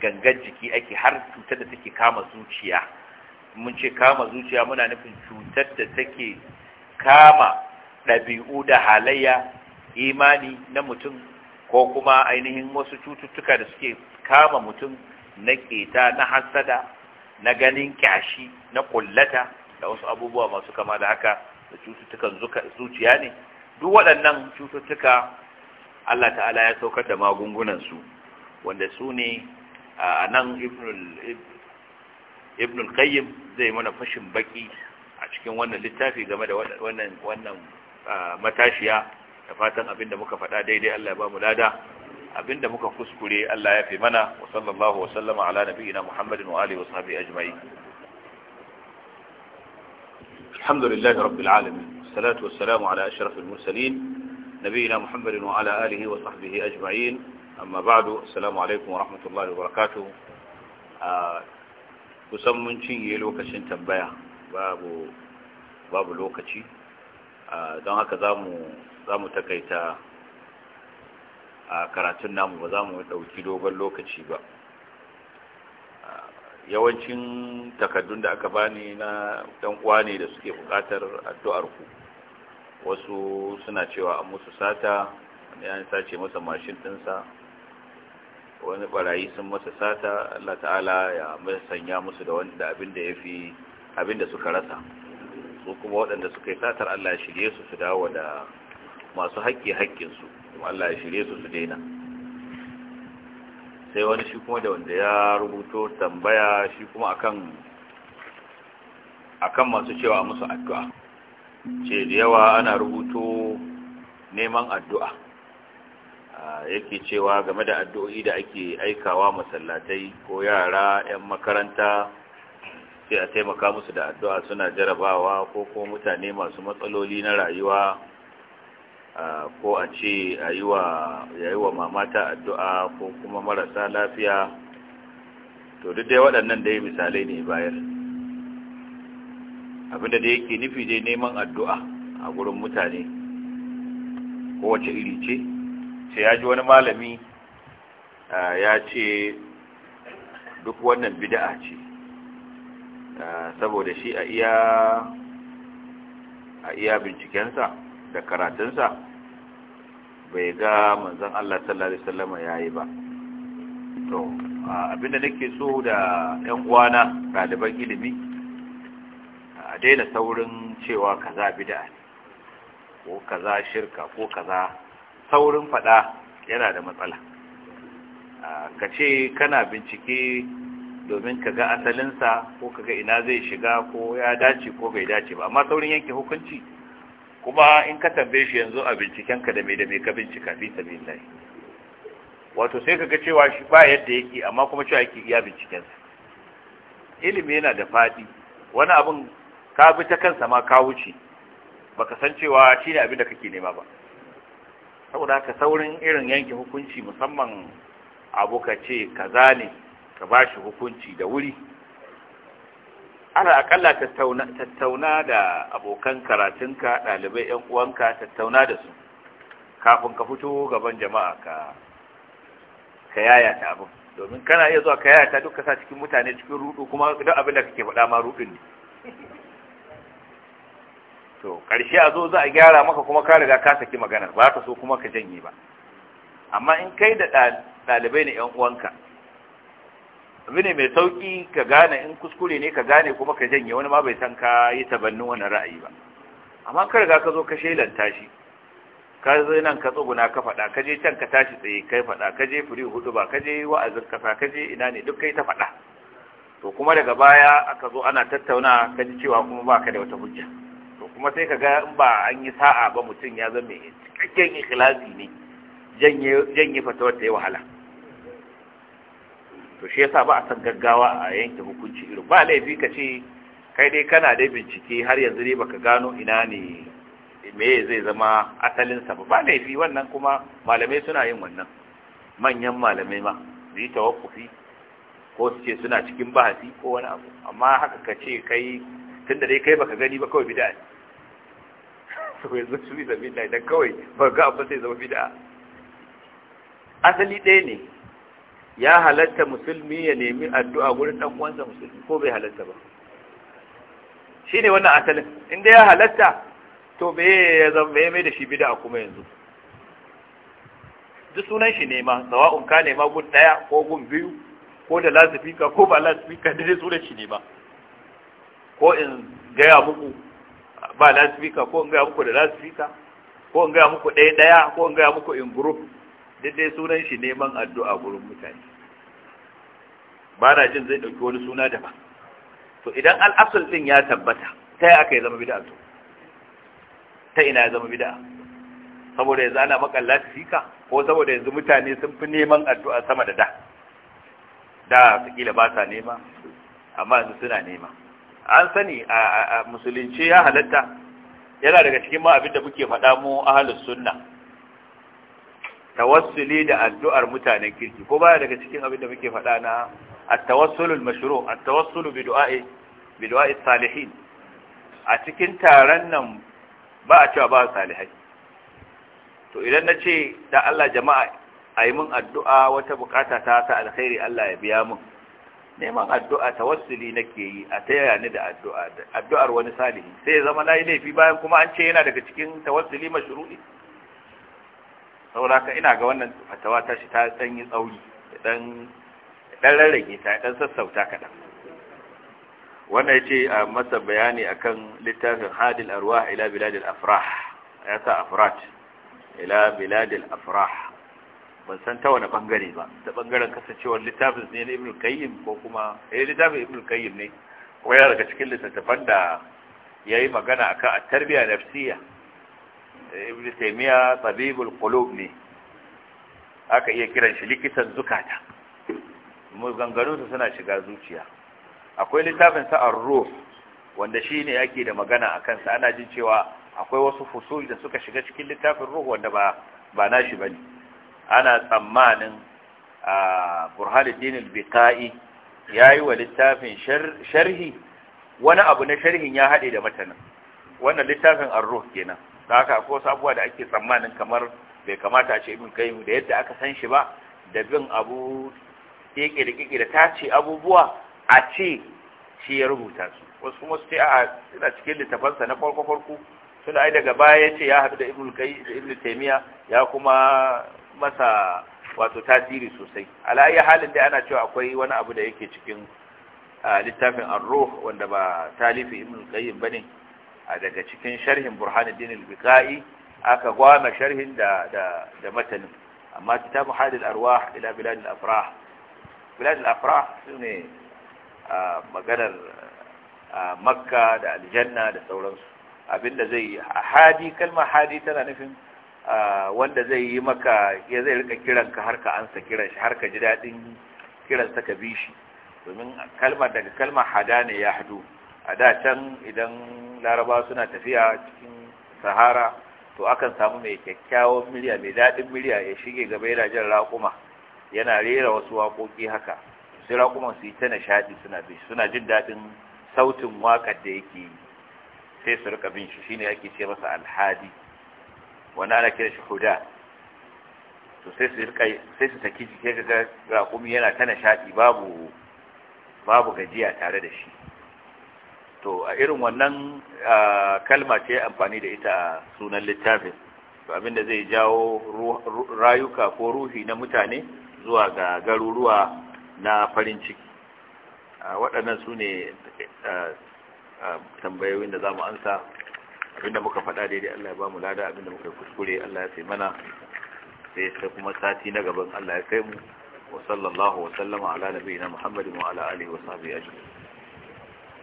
gangan jiki ake har cutar da take kama zuciya mun ce kama zuciya muna nufin cutar da take kama ɗabi'u da halayya imani na mutum ko kuma ainihin wasu cututtuka da suke kama mutum na ƙeta na hasada na ganin kyashi na kullata da wasu abubuwa masu kama da haka da cututtukan zuciya ne duk waɗannan cututtuka Allah ta'ala ya saukar da magungunansu wanda su ne a nan ibn al-qayyim zai mana fashin baki a cikin wannan littafi game da wannan wannan matashiya da fatan abinda muka faɗa daidai Allah ya ba mu lada abinda muka kuskure Allah ya fi mana wa sallallahu wa sallama ala nabiyina Muhammadin wa alihi wa sahbihi ajma'in alhamdulillahi rabbil alamin salatu wassalamu ala ashrafil mursalin nabiyina Muhammadin wa ala alihi wa sahbihi ajma'in amma ba da salamu alaikum wa rahmatullahi wa a kusan mun cinye lokacin tambaya babu lokaci don haka za mu takaita a karatun namu ba za mu dauki dogon lokaci ba yawancin takaddun da aka bani na dan uwa ne da suke bukatar addu'ar ku wasu suna cewa an musu sata wani ya sace masa mashin dinsa wani barayi sun masa sata Allah ta'ala ya sanya musu da abin da ya fi da suka rasa su kuma waɗanda suka yi satar Allah ya shirye su su dawo da masu haƙƙi haƙƙinsu kuma Allah ya shirye su su daina sai wani shi kuma da wanda ya rubuto tambaya shi kuma akan akan masu cewa musu addu'a ce da yawa ana rubuto neman addu'a yake cewa game da addu'o'i da ake aikawa masallatai ko yara 'yan makaranta sai a taimaka musu da addu'a suna jarabawa ko kuma mutane masu matsaloli na rayuwa ko a ce a yi mamata addu'a ko kuma marasa lafiya to duk dai waɗannan dai misalai ne bayar abinda da yake nufi dai neman addu'a a gurin mutane kowace iri ce ce ya ji wani malami ya ce duk wannan bida'a ce saboda shi a iya bincikensa da karatunsa bai ga manzan Allah sallallahu alaihi ya yayi ba to abinda nake so da yan uwana ɗaliban ilimi a daina saurin cewa kaza bida'a ko kaza shirka ko kaza saurin faɗa yana da matsala ka ce kana bincike domin ka ga asalinsa ko ka ga ina zai shiga ko ya dace ko bai dace ba amma saurin yanke hukunci kuma in ka tambaye shi yanzu a bincikenka da mai da mai ka bincika fi sabilillahi wato sai ka ga cewa shi ba yadda yake amma kuma cewa yake iya bincikensa ilimi yana da faɗi wani abin ka bi ta kansa ma ka wuce baka san cewa shi ne abin da kake nema ba saboda ka saurin irin yanke hukunci musamman abu ka ce kaza ne ka ba shi hukunci da wuri ana akalla tattauna da abokan karatunka ɗalibai 'yan uwanka tattauna da su kafin ka fito gaban jama'a ka ka yayata abin domin kana iya zuwa ka yayata duka sa cikin mutane cikin rudu kuma duk abin da kake faɗa ma rudin ne to ƙarshe a zo za a gyara maka kuma ka riga ka saki maganar ba ka so kuma ka janye ba amma in kai da ɗalibai na ‘yan uwanka abu ne mai sauƙi ka gane in kuskure ne ka gane kuma ka janye wani ma bai san ka yi tabannin wani ra'ayi ba amma ka riga ka zo ka shelanta shi ka zai nan ka tsuguna ka faɗa ka je can ka tashi tsaye kai faɗa ka je firi hudu ba ka je wa'azin kasa ka je ina ne duk kai ta faɗa to kuma daga baya aka zo ana tattauna ka ji cewa kuma ba ka da wata hujja kuma sai ka ga in ba an yi sa'a ba mutum ya zama mai cikakken ikhlasi ne janye fata wata yi wahala to shi yasa ba a san gaggawa a yanke hukunci irin ba laifi ka ce kai dai kana dai bincike har yanzu dai baka gano ina ne me zai zama asalin sa ba laifi wannan kuma malamai suna yin wannan manyan malamai ma su yi tawakkufi ko su ce suna cikin bahasi ko wani abu amma haka ka ce kai tunda dai kai baka gani ba kawai bid'a to yanzu su yi zabi idan kawai ba ga abin sai zama bid'a asali ɗaya ne ya halatta musulmi ya nemi addu'a wurin ɗan uwansa musulmi ko bai halatta ba shi ne wannan asalin inda ya halatta to bai ya zama ya mai da shi bida kuma yanzu duk sunan shi ne ma sawa'un ka nema gun ɗaya ko gun biyu ko da lasifika ko ba lasifika da dai sunan shi ne ma ko in gaya muku ba lasifika ko in gaya muku da lasifika ko in gaya muku ɗaya ɗaya ko in gaya muku in group dai sunan shi neman addu'a gurin mutane ba na jin zai ɗauki wani suna daban to idan al'asul ɗin ya tabbata ta yi aka yi zama bida to ta ina ya zama bida saboda yanzu ana maka lasifika ko saboda yanzu mutane sun fi neman addu'a sama da da da su ba sa nema amma yanzu suna nema an sani a musulunci ya halatta yana daga cikin ma abinda muke faɗa mu ahlus sunna tawassuli da addu'ar mutanen kirki ko baya daga cikin abinda muke faɗa na at-tawassulul mashru' at-tawassulu bi du'a'i bi du'a'i salihin a cikin taron nan ba a cewa ba salihai to idan nace da Allah jama'a ayi mun addu'a wata bukata ta ta alkhairi Allah ya biya min neman addu'a tawassuli nake yi a yaya ni da addu'a addu'ar wani salihi sai ya zama nayi laifi bayan kuma an ce yana daga cikin tawassuli mashru'i saboda ina ga wannan fatawa ta shi ta dan yi tsauri dan dan rarrage ta dan sassauta kaɗan. wannan yace a masa bayani akan littafin hadil arwah ila biladil afrah ya afrat ila biladil afrah ban san ta wani bangare ba ta bangaren kasancewar littafin ne na ibn kayyim ko kuma eh littafin ibn kayyim ne ko ya daga cikin littattafan da yayi magana akan at-tarbiya nafsiya eh, ibn taymiya tabibul qulub ne aka iya kiran shi likitan zukata mu gangaro su suna shiga zuciya akwai littafin sa ar-ruh wanda shine yake da magana akan sa ana jin cewa akwai wasu fusul da suka shiga cikin littafin ruh wanda ba ba nashi bane ana tsammanin burhanuddin Bika'i ya yi wa littafin sharhi wani abu na sharhin ya haɗe da matanin wannan littafin ar kenan da haka ko sabuwa da ake tsammanin kamar bai kamata a ce ibin kai da yadda aka san shi ba da bin abu keke-keke da keke da tace abubuwa a ce shi ya rubuta su wasu kuma su ce a suna cikin littafansa na farko farko suna ai daga baya ya ce ya haɗu da ibin kai da ibin taimiya ya kuma masa wato tasiri sosai ala halin dai ana cewa akwai wani abu da yake cikin littafin ar wanda ba talifi ibn qayyim bane daga cikin sharhin burhanuddin al-biqai aka gwana sharhin da da da matanin amma kitabu hadil arwah ila bilad al-afrah bilad al-afrah sune maganar makka da aljanna da sauransu abinda zai hadi kalma hadi tana nufin wanda zai yi maka ya zai rika kiranka har ka ansa kiran shi har ka ji daɗin kiran ka bi shi domin kalmar daga kalmar hada ne ya hadu a da can idan laraba suna tafiya cikin sahara to akan samu mai kyakkyawan murya mai daɗin murya ya shige gaba yana jin raƙuma yana rera wasu waƙoƙi haka sai raƙuma su yi ta nishaɗi suna bi suna jin daɗin sautin waƙar da yake yi sai su rika bin shi shine ake ce masa alhadi wanda ana kira shi huda to sai su rika sai jiki ga raƙumi yana ta nishaɗi babu gajiya tare da shi to a irin wannan kalma ce amfani da ita sunan littafin abinda zai jawo rayuka ko ruhi na mutane zuwa ga garuruwa na farin ciki waɗannan su ne tambayoyin da za mu ansa abinda muka faɗa daidai Allah ya ba mu lada abinda muka kuskure Allah ya sai mana sai sai kuma sati na gaban Allah ya kai mu wa sallallahu wa sallama ala nabiyina Muhammadin wa ala alihi wa sahbihi ajma'in